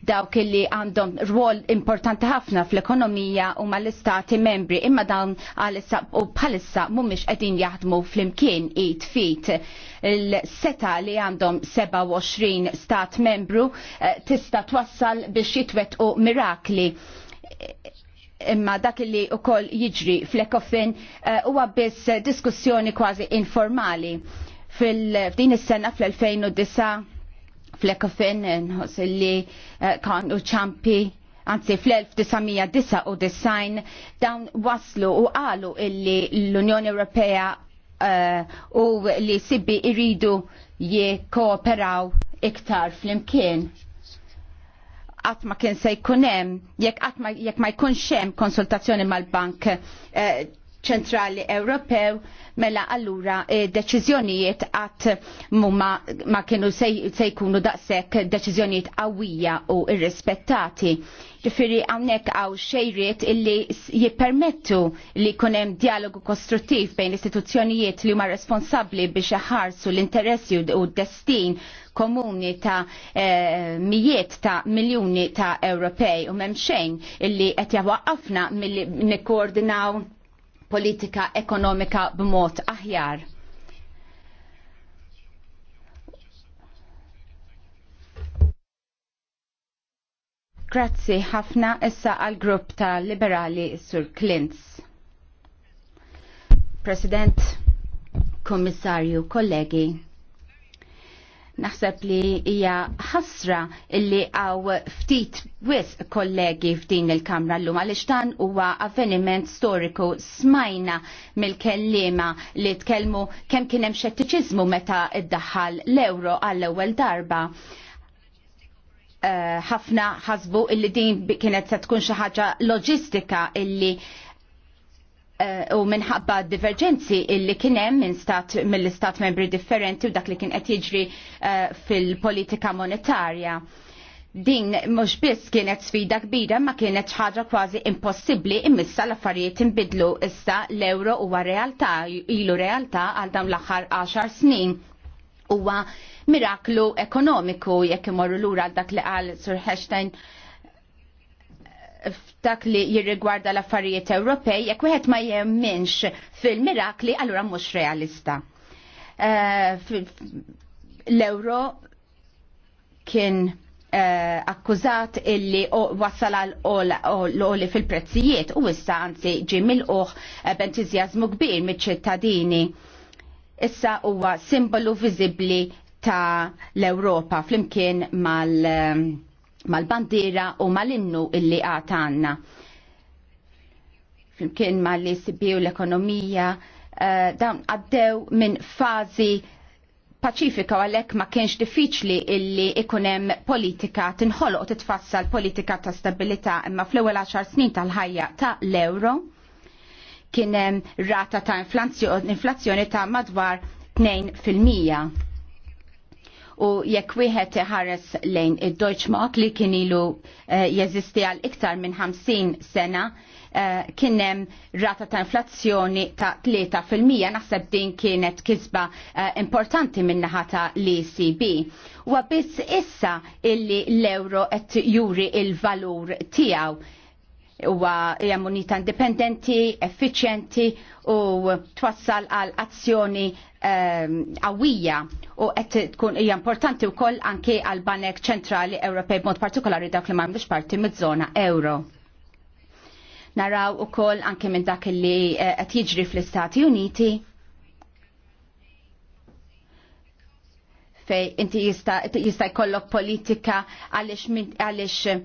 dawk li għandhom rwol importanti ħafna fl-ekonomija u mal-istati membri imma dan għalissa u bħalissa mumiex qegħdin jaħdmu fl-imkien it fit il-seta li għandhom 27 stat membru eh, tista' twassal biex u mirakli imma dak li u koll jiġri fl-ekofin eh, huwa għabbis biss diskussjoni kważi informali fil-din is-sena fl-2009 fl-Ekofin nħos li eh, u ċampi anzi fl-1999 dawn waslu u qalu illi l-Unjoni Ewropea eh, u li sibbi iridu jikkooperaw iktar fl-imkien qatt ma kien se jkun hemm jekk ma jekk jkunx hemm konsultazzjoni mal-bank eh, ċentrali Ewropew mela allura eh, deċiżjonijiet għat ma, ma kienu se jkunu daqshekk deċiżjonijiet qawwija u irrispettati. Ġifiri hawnhekk għaw xejriet illi jippermettu li jkun hemm dialogu kostruttiv bejn istituzzjonijiet li huma responsabbli biex iħarsu l-interessi u d-destin komuni ta' eh, mijiet ta' miljuni ta' Ewropej u memxejn illi qed jawaqqafna milli nikkoordinaw politika ekonomika b'mod aħjar. Grazzi ħafna issa għal grupp ta' liberali Sur Klintz. President, Kommissarju, colleghi. Naħseb li hija ħasra illi għaw ftit wis kollegi f'din il-kamra l-lum għalix dan huwa avveniment storiku smajna mill-kellima li tkellmu kemm kien hemm xettiċiżmu meta iddaħħal l-euro għall-ewwel darba eh, ħafna uh, ħasbu illi din kienet se tkun xi ħaġa loġistika illi Eh, u minħabba diverġenzi illi kienem minn stat mill-istat membri differenti u dak li kien qed jiġri eh, fil-politika monetarja. Din mhux biss kienet sfida kbira ma kienet ħaġa kważi impossibbli immissa l-affarijiet inbidlu issa l-euro huwa realtà ilu realtà għal dawn l-aħħar 10 snin huwa miraklu ekonomiku jekk imorru lura għal dak li qal Sir Hashtain f'dak li jirrigwarda l-affarijiet Ewropej, jekk wieħed ma jemminx fil-mirakli, allura mhux realista. Eh, l-euro kien eh, akkużat illi wassal l-oli fil-prezzijiet u issa għanzi ġimil uħ eh, b'entuzjazmu kbir mit ċittadini Issa huwa simbolu viżibbli ta' l-Ewropa flimkien mal- mal-bandira u mal innu illi għatanna. Flimkien mal li sibiju l-ekonomija, uh, eh, dawn għaddew minn fazi paċifika u għalek ma kienx diffiċli illi ikunem politika tinħoloq titfassal politika ta' stabilita imma fl-ewwel 10 snin tal-ħajja ta' l-euro kienem rata ta' inflazzjoni ta' madwar 2%. mija u jekk wieħed iħares lejn id-Deutschmark li kien ilu eh, jeżisti għal iktar minn 50 sena eh, kien hemm rata ta' inflazzjoni ta' 3% naħseb din kienet kisba eh, importanti min-naħa ta' l-ECB. Wa biss issa illi l-euro qed juri il-valur tiegħu huwa hija munita indipendenti, effiċjenti u twassal għal azzjoni ehm, qawwija u qed tkun hija importanti wkoll anke għal Banek Ċentrali Ewropej b'mod partikolari dawk li m'għandux parti miż-żona euro. Naraw ukoll anke minn dak li eh, qed jiġri fl-Istati Uniti fej inti jista' jkollok politika għaliex għaliex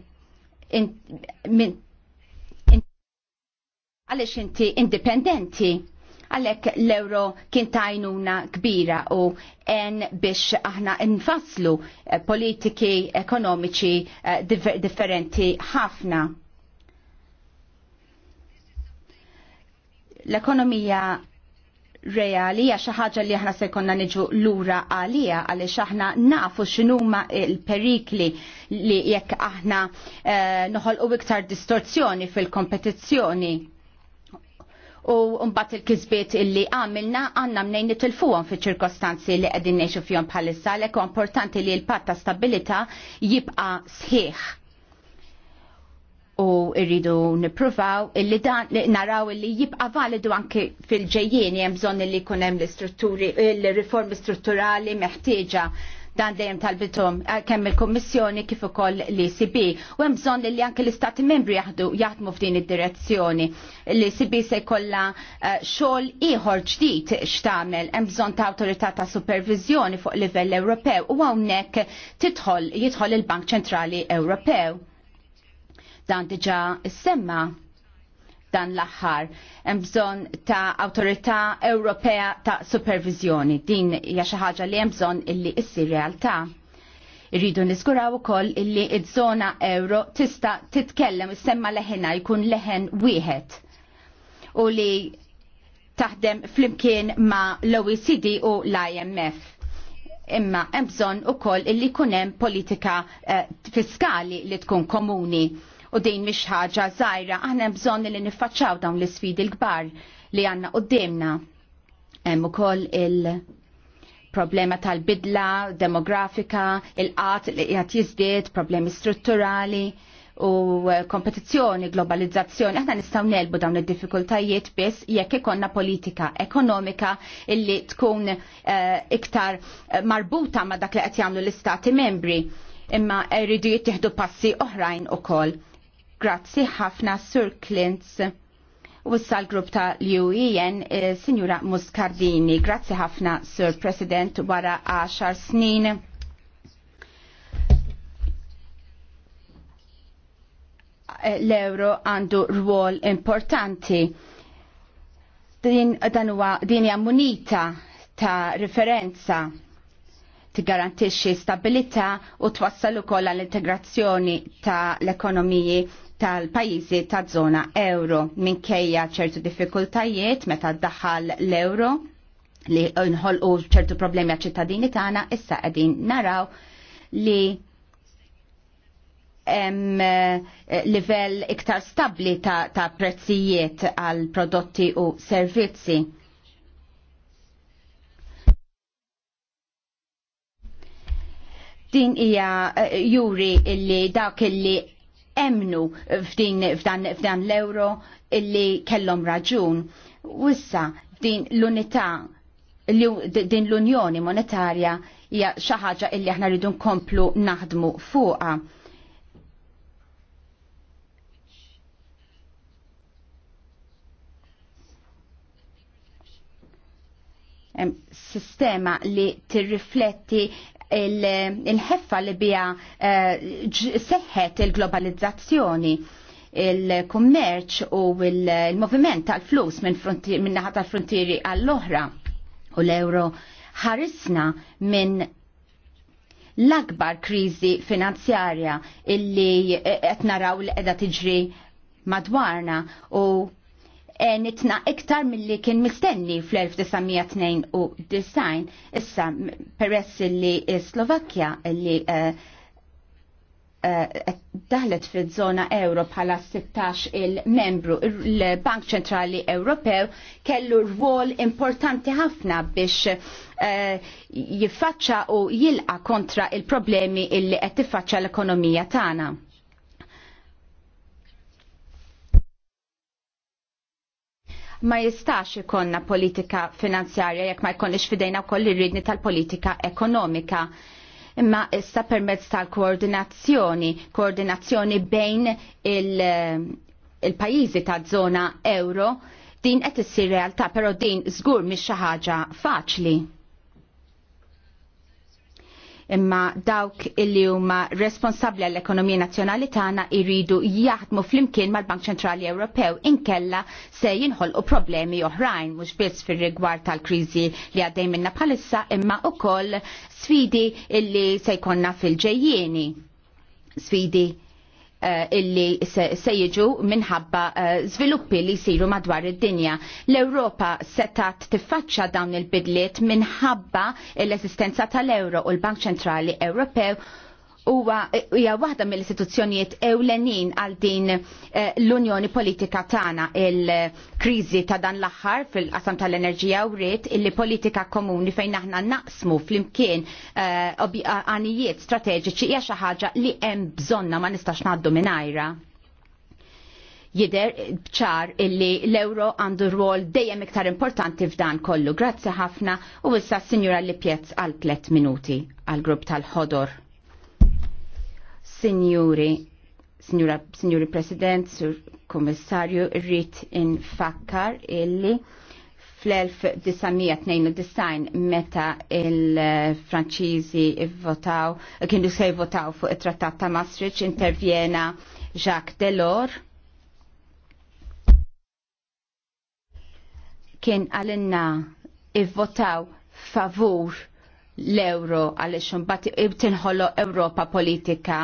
min, għalix inti indipendenti għalek l-euro kien tajnuna kbira u en biex aħna infaslu eh, politiki ekonomiċi eh, differenti ħafna. L-ekonomija reali għax ħaġa li aħna se konna niġu lura għalija għaliex aħna nafu x'inhuma l-perikli li jekk aħna eh, noħolqu iktar distorzjoni fil-kompetizzjoni u mbagħad il-kisbiet illi għamilna għandna mnejn nitilfuhom fiċ ċirkostanzi li qegħdin ngħixu fihom bħalissa għalhekk importanti li l-patt ta' stabilità jibqa' sħiħ u rridu nippruvaw illi dan naraw illi jibqa' validu anke fil-ġejjieni hemm bżonn li jkun hemm l-istrutturi l-riformi strutturali meħtieġa dan dejjem tal-bitum eh, kemm il-Kummissjoni kif ukoll l-ECB u hemm bżonn li anke l-Istati membri jaħdu jaħdmu f'din id-direzzjoni. L-ECB se jkollha eh, xogħol ieħor ġdid x'tagħmel hemm bżonn ta' awtorità ta' supervizjoni fuq livell Ewropew u hawnhekk tidħol jidħol il-Bank Ċentrali Ewropew. Dan diġà semma' dan l-aħħar. Hemm bżonn ta' Awtorità Ewropea ta' Supervizjoni. Din hija xi ħaġa li hemm bżonn illi issir realtà. Irridu niżguraw ukoll illi ż-żona euro tista' titkellem issemma leħena jkun leħen wieħed u li taħdem flimkien ma' l-OECD u l-IMF imma hemm bżonn ukoll illi jkun hemm politika eh, fiskali li tkun komuni U din mhix ħaġa żgħira aħna bżonn li niffaċċaw dawn l-isfidi l-kbar li għandna qudiemna. Hemm ukoll il- problema tal-bidla demografika, il-qat li qiegħed jiżdied, problemi strutturali u kompetizzjoni, globalizzazzjoni, aħna nistgħu nelbu dawn id-diffikultajiet biss jekk ikonna politika ekonomika illi tkun uh, iktar marbuta ma' dak li qed jagħmlu l-istati membri imma rridu jittieħdu passi oħrajn ukoll Grazzi ħafna Sur Clint. u sal-grupp ta' l-UEN, eh, Signora Muscardini. Grazzi ħafna, Sir President, wara 10 snin. Eh, l-euro għandu rwol importanti. Din danwa din munita ta' referenza tigarantixxi stabilità u twassal ukoll għall-integrazzjoni ta' l-ekonomiji tal-pajizi ta' zona euro minkejja ċertu diffikultajiet meta daħal l-euro li nħolqu ċertu problemi għal ċittadini tagħna issa qegħdin naraw li hemm eh, livell iktar stabbli ta', ta prezzijiet għal prodotti u servizzi. Din hija eh, juri illi dawk illi emnu f'dan l-euro illi kellhom raġun. Wissa din l-unità din l-unjoni monetarja hija xi ħaġa illi aħna rridu nkomplu naħdmu fuqha. sistema li tirrifletti il-ħeffa li bija eh, seħħet il-globalizzazzjoni il-kummerċ u il-moviment tal-flus minn naħa tal-frontieri għall-oħra u l-euro ħarisna minn l-akbar krizi finanzjarja illi eh, qed naraw li qiegħda tiġri madwarna u Eh, nitna iktar mill-li kien mistenni fl-1992 issa peress li Slovakkja li eh, eh, daħlet fil żona euro bħala 16 il-membru il-Bank Ċentrali Ewropew kellu rwol importanti ħafna biex jiffaċċa u jilqa kontra il-problemi illi qed tiffaċċa l-ekonomija tagħna. ma jistax ikonna politika finanzjarja jekk ma jkollix fidejna wkoll ir-ridni tal-politika ekonomika imma issa permezz tal-koordinazzjoni, koordinazzjoni bejn il-pajjiżi il eh, taż-żona euro, din qed issir realtà, però din żgur mhix xi ħaġa faċli imma dawk illi huma responsabbli għall ekonomija nazzjonali tagħna jridu jaħdmu flimkien mal-Bank Ċentrali Ewropew inkella se jinħolqu problemi oħrajn mhux biss fir-rigward tal-kriżi li għaddej minna bħalissa imma ukoll sfidi illi se jkollna fil-ġejjieni. Sfidi Eh, illi se jiġu minħabba żviluppi eh, li jsiru madwar id-dinja. L-Ewropa setat tiffaċċa dawn il-bidliet minħabba l-esistenza tal-Euro u l-Bank Ċentrali Ewropew huwa hija waħda mill-istituzzjonijiet ewlenin għal din eh, l-Unjoni Politika tagħna il-kriżi ta' dan l-aħħar fil-qasam tal-enerġija u rrid illi politika komuni fejn aħna naqsmu flimkien għanijiet eh, strateġiċi hija xi ħaġa li hemm bżonna ma nistax ngħaddu mingħajra jider bċar illi l-euro għandu rwol dejjem iktar importanti f'dan kollu. Grazzi ħafna u issa s-Sinjura pjezz għal 3 minuti għal grupp tal-ħodor. Sinjuri, signora, signori President, Sur Kommissarju, rrit infakkar illi fl-1992 meta il-Franċiżi votaw, kienu se votaw fuq it-Trattat ta' Maastricht, intervjena Jacques Delors, kien għalinna ivvotaw favur l-euro għalix mbagħad tinħolo Ewropa politika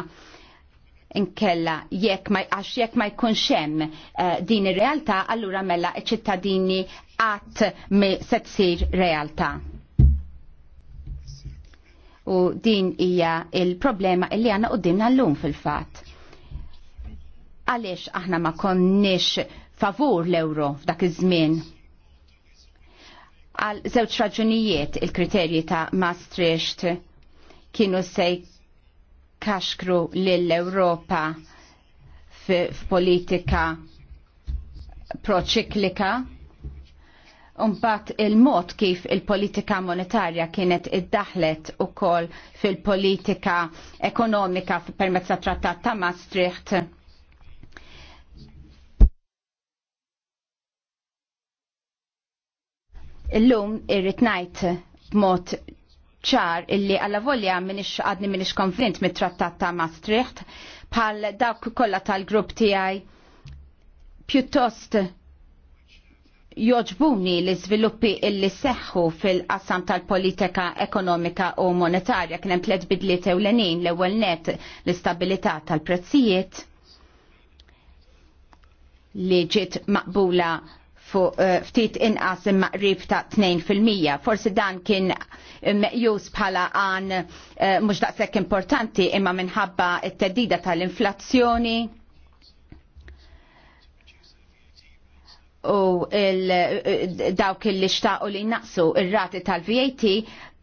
inkella jekk ma għax jekk ma jkunx hemm uh, din ir-realtà allura mela ċ-ċittadini qatt mi se tsir realtà. U din hija il-problema illi għandna qudiemna llum fil-fatt. Għaliex aħna ma konniex favur l-euro f'dak iż-żmien għal żewġ raġunijiet il-kriterji ta' Maastricht kienu se kaxkru lill-Europa f'politika proċiklika. Umbat il-mod kif il-politika monetarja kienet iddaħlet u kol fil-politika ekonomika permezz trattat ta' Maastricht. Illum irrit ngħid b'mod ċar illi għalla volja minix għadni minix konvint mit-trattat ta' Maastricht bħal dawk kollha tal-grupp tiegħi pjuttost joġbuni li sviluppi illi seħħu fil-qassam tal-politika ekonomika u monetarja kien hemm tliet bidliet ewlenin l-ewwel net l-istabilità tal-prezzijiet li ġiet maqbula fuq eh, ftit inqas imma qrib ta' 2%. Forsi dan kien meqjus bħala għan eh, mhux daqshekk importanti imma minħabba t-teddida tal-inflazzjoni. u eh, dawk il xtaqu li naqsu il rati tal-VAT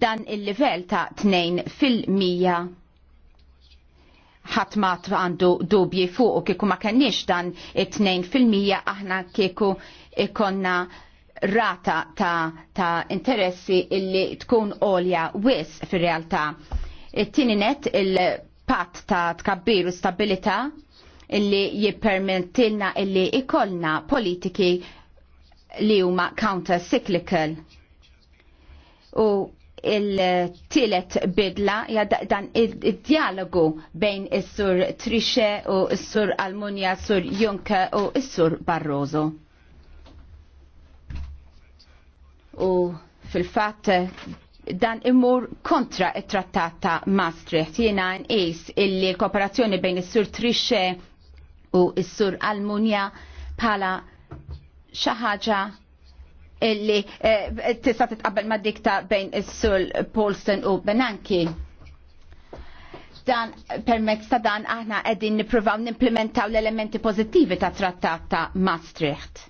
dan il-livell ta' 2 fil-mija ħatmat għandu dubji fuq u kieku ma kenniex dan it-2 fil-mija aħna kieku ikonna rata ta', ta interessi illi tkun olja wis fir-realtà. It-tieni net il-patt ta' tkabbir u stabilità illi jippermettilna illi ikollna politiki li huma counter-cyclical. U il-tielet bidla ja dan id-dialogu bejn is-sur Trisce u s-sur Almunja, s-sur Juncker u s-sur Barroso. u fil-fatt dan immur kontra il trattat ta' Maastricht jiena nqis illi l-kooperazzjoni bejn is-Sur Trisce u s-Sur Almunja bħala xi ħaġa illi eh, tista' titqabbel ma' dikta bejn is-Sur Polsen u Benanki dan permezz ta' dan aħna qegħdin nippruvaw nimplementaw l-elementi pożittivi ta' trattat ta' Maastricht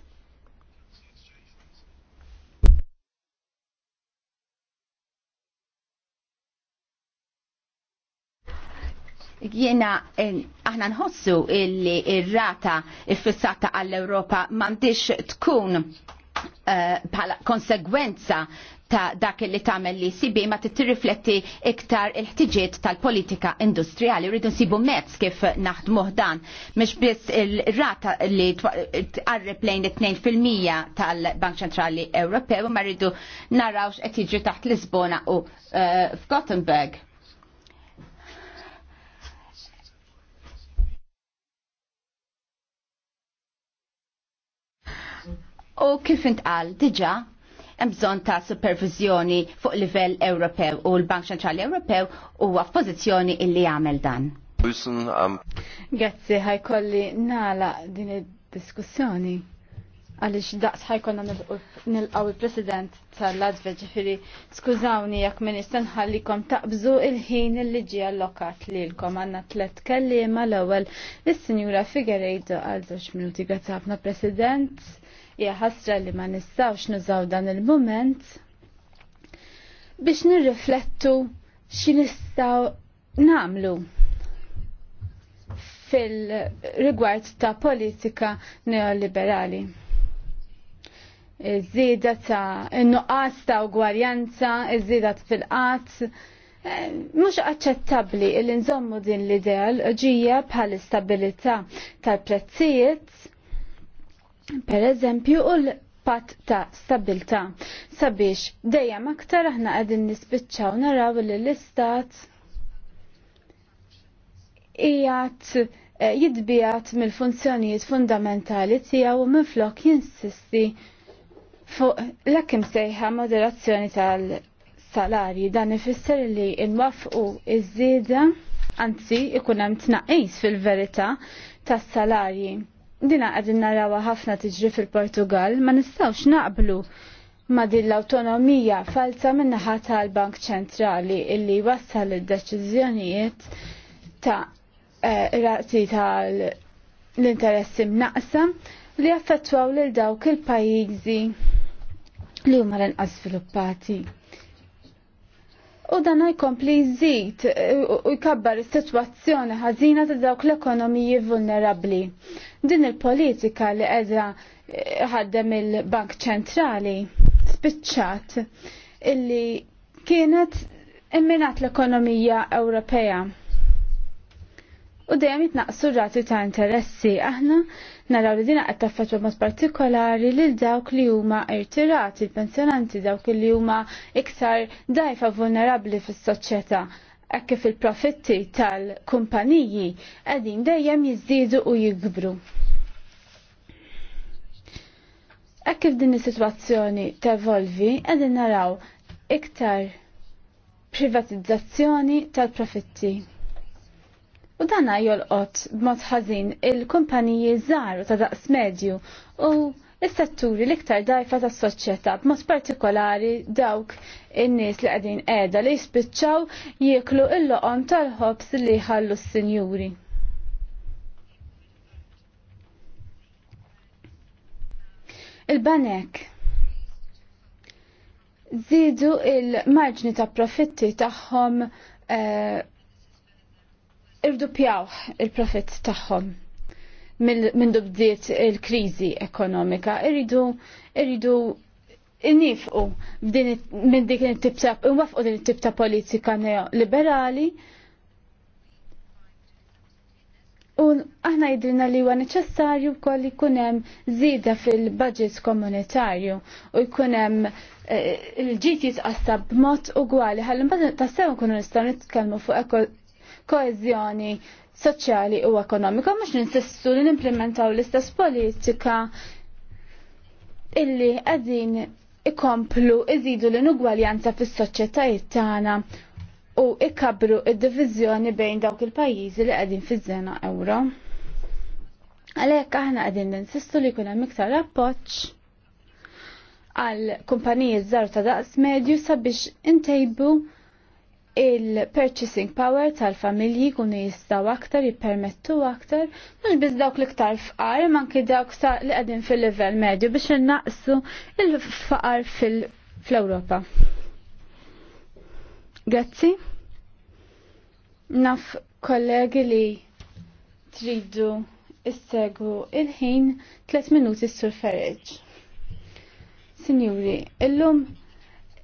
Jena eh, aħna nħossu illi il rata fissata għall-Ewropa m'għandix tkun eh, bħala konsegwenza ta' dak li tagħmel li sibi ma tirrifletti iktar il-ħtiġiet tal-politika industrijali. Rridu nsibu mezz kif naħdmuh dan. Mhux biss il-rata li t-għarrib lejn it-tnejn fil-mija tal-Bank Ċentrali Ewropew ma rridu narawx qed jiġri taħt Lisbona u eh, f'Gothenburg. u kif intqal diġa hemm bżonn ta' supervizjoni fuq livell Ewropew u l-Bank Ċentrali Ewropew huwa f'pożizzjoni illi jagħmel dan. Um, grazzi ħajkolli nala din id-diskussjoni għalix daqs ħajkonna nilqgħu il-President tal-Latvja ġifiri skużawni jekk min nħallikom taqbżu il-ħin li ġie allokat lilkom għanna tlet kellima l-ewwel is-Sinjura Figueredo għal żewġ minuti grazzi ħafna President hija ħasra li ma nistgħux nużaw dan il-mument biex nirriflettu xi nistgħu nagħmlu fil-rigward ta' politika neoliberali. Iż-żieda ta' innuqqas ta' ugwarjanza, iż-żieda fil-qatt, eh, Mux aċċettabli il nżommu din l-idea l bħal istabilità tal-prezzijiet Per eżempju, u l-pat ta' stabilta sabiex dejjem aktar aħna qegħdin nispiċċaw naraw li l-istat ijat eh, jidbijat mill-funzjonijiet fundamentali tiegħu u minflok jinsisti fuq l-ekim sejħa moderazzjoni tal-salarji dan ifisser li nwafqu iż-żieda anzi ikun hemm tnaqqis fil-verità tas-salarji dina għadin narawa ħafna tiġri fil-Portugal, ma nistawx naqblu ma din l-autonomija falsa minnaħa tal-Bank ċentrali illi wassal id-deċiżjonijiet ta' eh, rati tal-interessi mnaqsa li affettwaw lil dawk il-pajjiżi li huma l-inqas sviluppati u dan jkompli jżid u jkabbar is-sitwazzjoni ħażina ta' dawk l-ekonomiji vulnerabbli. Din il-politika li qiegħda eh, ħaddem il-Bank Ċentrali spiċċat illi kienet imminat l-ekonomija Ewropea. U dejjem jitnaqsu rati ta' interessi aħna naraw li dina qed taffaċċa mod partikolari lil dawk li huma irtirati, il-pensjonanti dawk li huma iktar dajfa vulnerabbli fis-soċjetà hekk kif il-profitti tal-kumpaniji qegħdin dejjem jiżdiedu u jikbru. Hekk kif din is-sitwazzjoni tevolvi qegħdin naraw iktar privatizzazzjoni tal-profitti. U dana jolqot b'mod ħażin il-kumpaniji żgħar ta' daqs medju u l setturi l-iktar dajfa tas soċjetà b'mod partikolari dawk in-nies li qegħdin qiegħda li jispiċċaw jieklu il loqon tal-ħobs li ħallu s-sinjuri. Il-banek Zidu il-marġni ta' profitti tagħhom eh, irdupjaw il-profit taħħom minn dubdiet il krizi ekonomika. Irridu irridu innifqu minn dik il-tibta, ta' nwafqu din il-tibta politika neoliberali U aħna jidrina li huwa neċessarju wkoll jkun hemm żieda fil-budget komunitarju u jkun hemm eh, il-ġid jitqassab b'mod ugwali ħalli mbagħad tassew nkunu nistgħu nitkellmu fuq koezjoni soċjali u ekonomika, mux ninsistu li nimplementaw l-istess politika illi għadin ikomplu iżidu l-inugwaljanza fis soċjetajiet tagħna u ikabru id-diviżjoni bejn dawk il-pajjiżi li qegħdin fiż-żena euro. Għalhekk aħna qegħdin ninsistu li jkun hemm iktar appoġġ għal kumpaniji żgħar ta' daqs medju sabiex intejbu il-purchasing power tal-familji kun jistaw aktar, jippermettu aktar, mux biz dawk l-iktar fqar, ki dawk sa li għadin fil-level medju biex naqsu il-fqar fil-Europa. Grazzi. Naf kollegi li tridu issegwu il-ħin 3 minuti s-sur Ferreġ. Signori, illum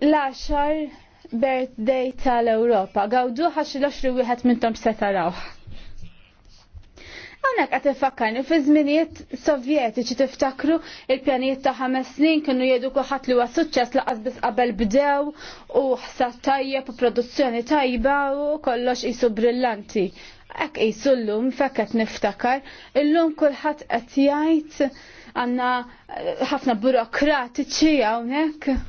l-10 birthday tal-Europa. Gawdu ħax l-21 mintom taraw. Għonek għat ifakkarni fi żminijiet sovjetiċi tiftakru il-pjanijiet ta' ħames snin kienu jgħidu kuħat li huwa suċċess laqas biss qabel bdew u ħsat tajjeb u produzzjoni tajba u kollox jisu brillanti. Ek l llum fekket niftakar, illum kulħadd qed jgħid għandna ħafna burokratiċi hawnhekk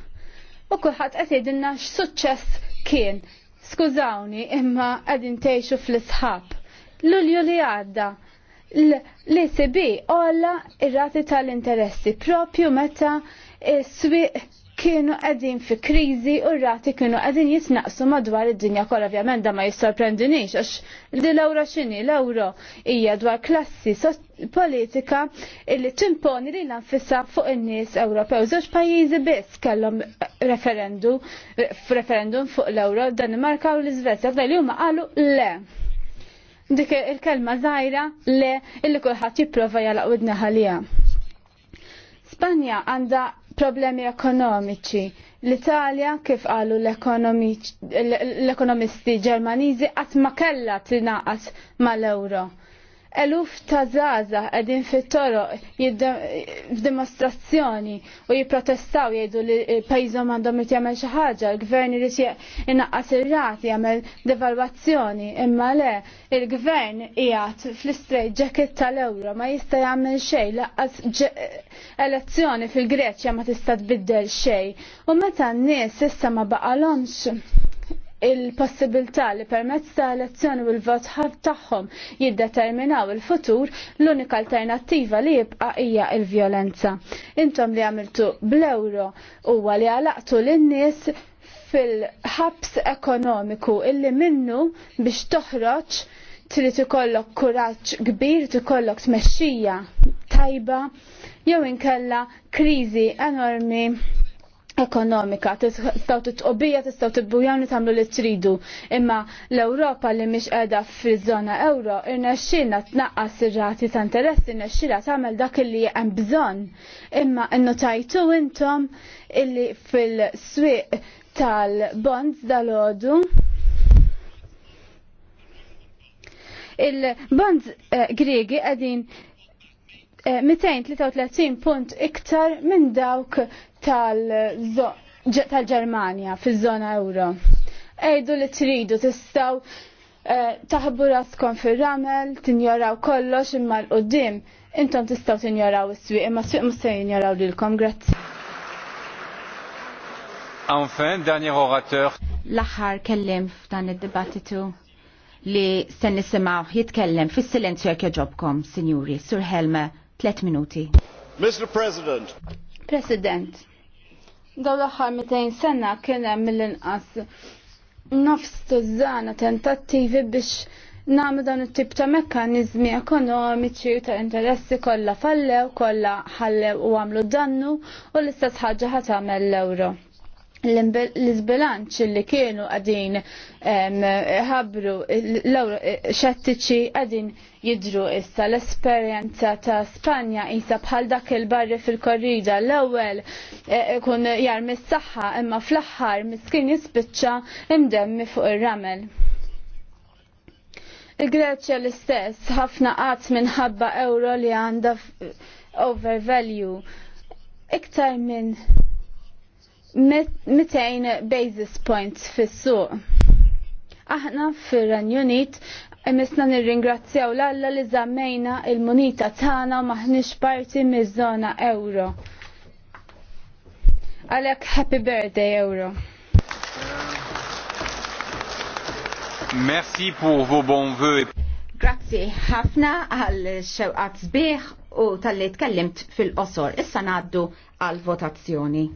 u kulħadd qed jgħidilna x'suċċess kien. Skużawni, imma qegħdin tgħixu fl-isħab. Lulju li għadda l-ECB olla ir-rati tal-interessi propju meta s-swieq kienu qegħdin fi kriżi u r-rati kienu qegħdin jitnaqsu madwar id-dinja kollha ovvjament da ma jissorprendinix għax li l-ewro x'inhi l-ewro hija dwar klassi politika illi timponi li l-anfissa fuq in-nies Ewropew. Żewġ pajjiżi biss kellhom referendum referendum fuq l euro Danimarka u l-Iżvezja, li huma qalu le. Dik il-kelma żgħira le illi kulħadd jipprova u id-naħalija. Spanja għandha problemi ekonomiċi. L-Italja, kif qalu l-ekonomisti ġermaniżi, qatt ma kellha tingħaqad mal-euro eluf ta' zaza għedin fit toro f'dimostrazzjoni u jiprotestaw jgħidu li pajizom għandhom jt jagħmel xi ħaġa, il-gvern irid jinaqqas ir-rat jagħmel devalwazzjoni, imma le il-gvern qiegħed fl-istrejt jacket tal-ewro ma jista' jagħmel xejn laqqas elezzjoni fil-Greċja ma tista' tbiddel xejn u meta n-nies issa ma baqalhomx il-possibilità li permezz ta' elezzjoni u l-vot tagħhom jiddeterminaw il-futur, l-unika alternattiva li jibqa' hija il-vjolenza. Intom li għamiltu bl-euro huwa li għalaqtu lin-nies fil-ħabs ekonomiku illi minnu biex toħroġ trid ikollok kuraġġ kbir, tikollok tmexxija tajba, jew inkella kriżi enormi ekonomika, tistaw titqobija, tistaw titbujan li tamlu li tridu. Imma l-Europa li mhix qiegħda fiż-żona euro, irnexxilna tnaqqas ir-rati ta' interessi, irnexxilha tagħmel dak li hemm bżonn. Imma tajtu intom illi fil-swieq tal-bonds dal-għodu il-bonds eh, gregi għadin 233 eh, punt iktar minn dawk tal-Ġermanja tal fiż-żona euro. Ejdu li tridu tistaw eh, taħbu raskom fil-ramel, tinjoraw kollox imma l-qoddim. Intom tistaw tinjoraw s-swiq, imma s-swiq musta jinjoraw lilkom, grazzi. Enfin, dernier orateur. L-axar kellim f'dan id-dibattitu li sen nisimaw jitkellem fis-silenzju jekk ġobkom, sinjuri, Sur Helme, 3 minuti. Mr. President. President. Daw l-aħħar 200 sena kien hemm mill-inqas nofs tużana tentattivi biex nagħmlu dawn it-tip ta' mekkaniżmi ekonomiċi u ta' interessi kollha fallew, kollha ħallew u għamlu dannu u l-istess ħaġa ħatamel l-ewro l-izbilanċ li kienu għadin ħabru l-għawru xattiċi għadin jidru issa l-esperienza ta' Spanja jisa bħal dak il-barri fil-korrida l-ewel e, kun jar mis-saxħa imma fl-axħar miskin jispiċċa imdemmi fuq ir-ramel. Il-Greċja l-istess ħafna qatt minħabba euro li għandha overvalue iktar minn 200 basis points fis-suq. Aħna fir-Ranjunit Emisna nirringrazzjaw l-alla li zammejna il-munita tagħna maħnix parti miż-żona euro. Għalek happy birthday euro. Merci pour vos bons vœux. Grazzi ħafna għal xewqat sbieħ u tal-li tkellimt fil-qosor. Issa naddu għal votazzjoni.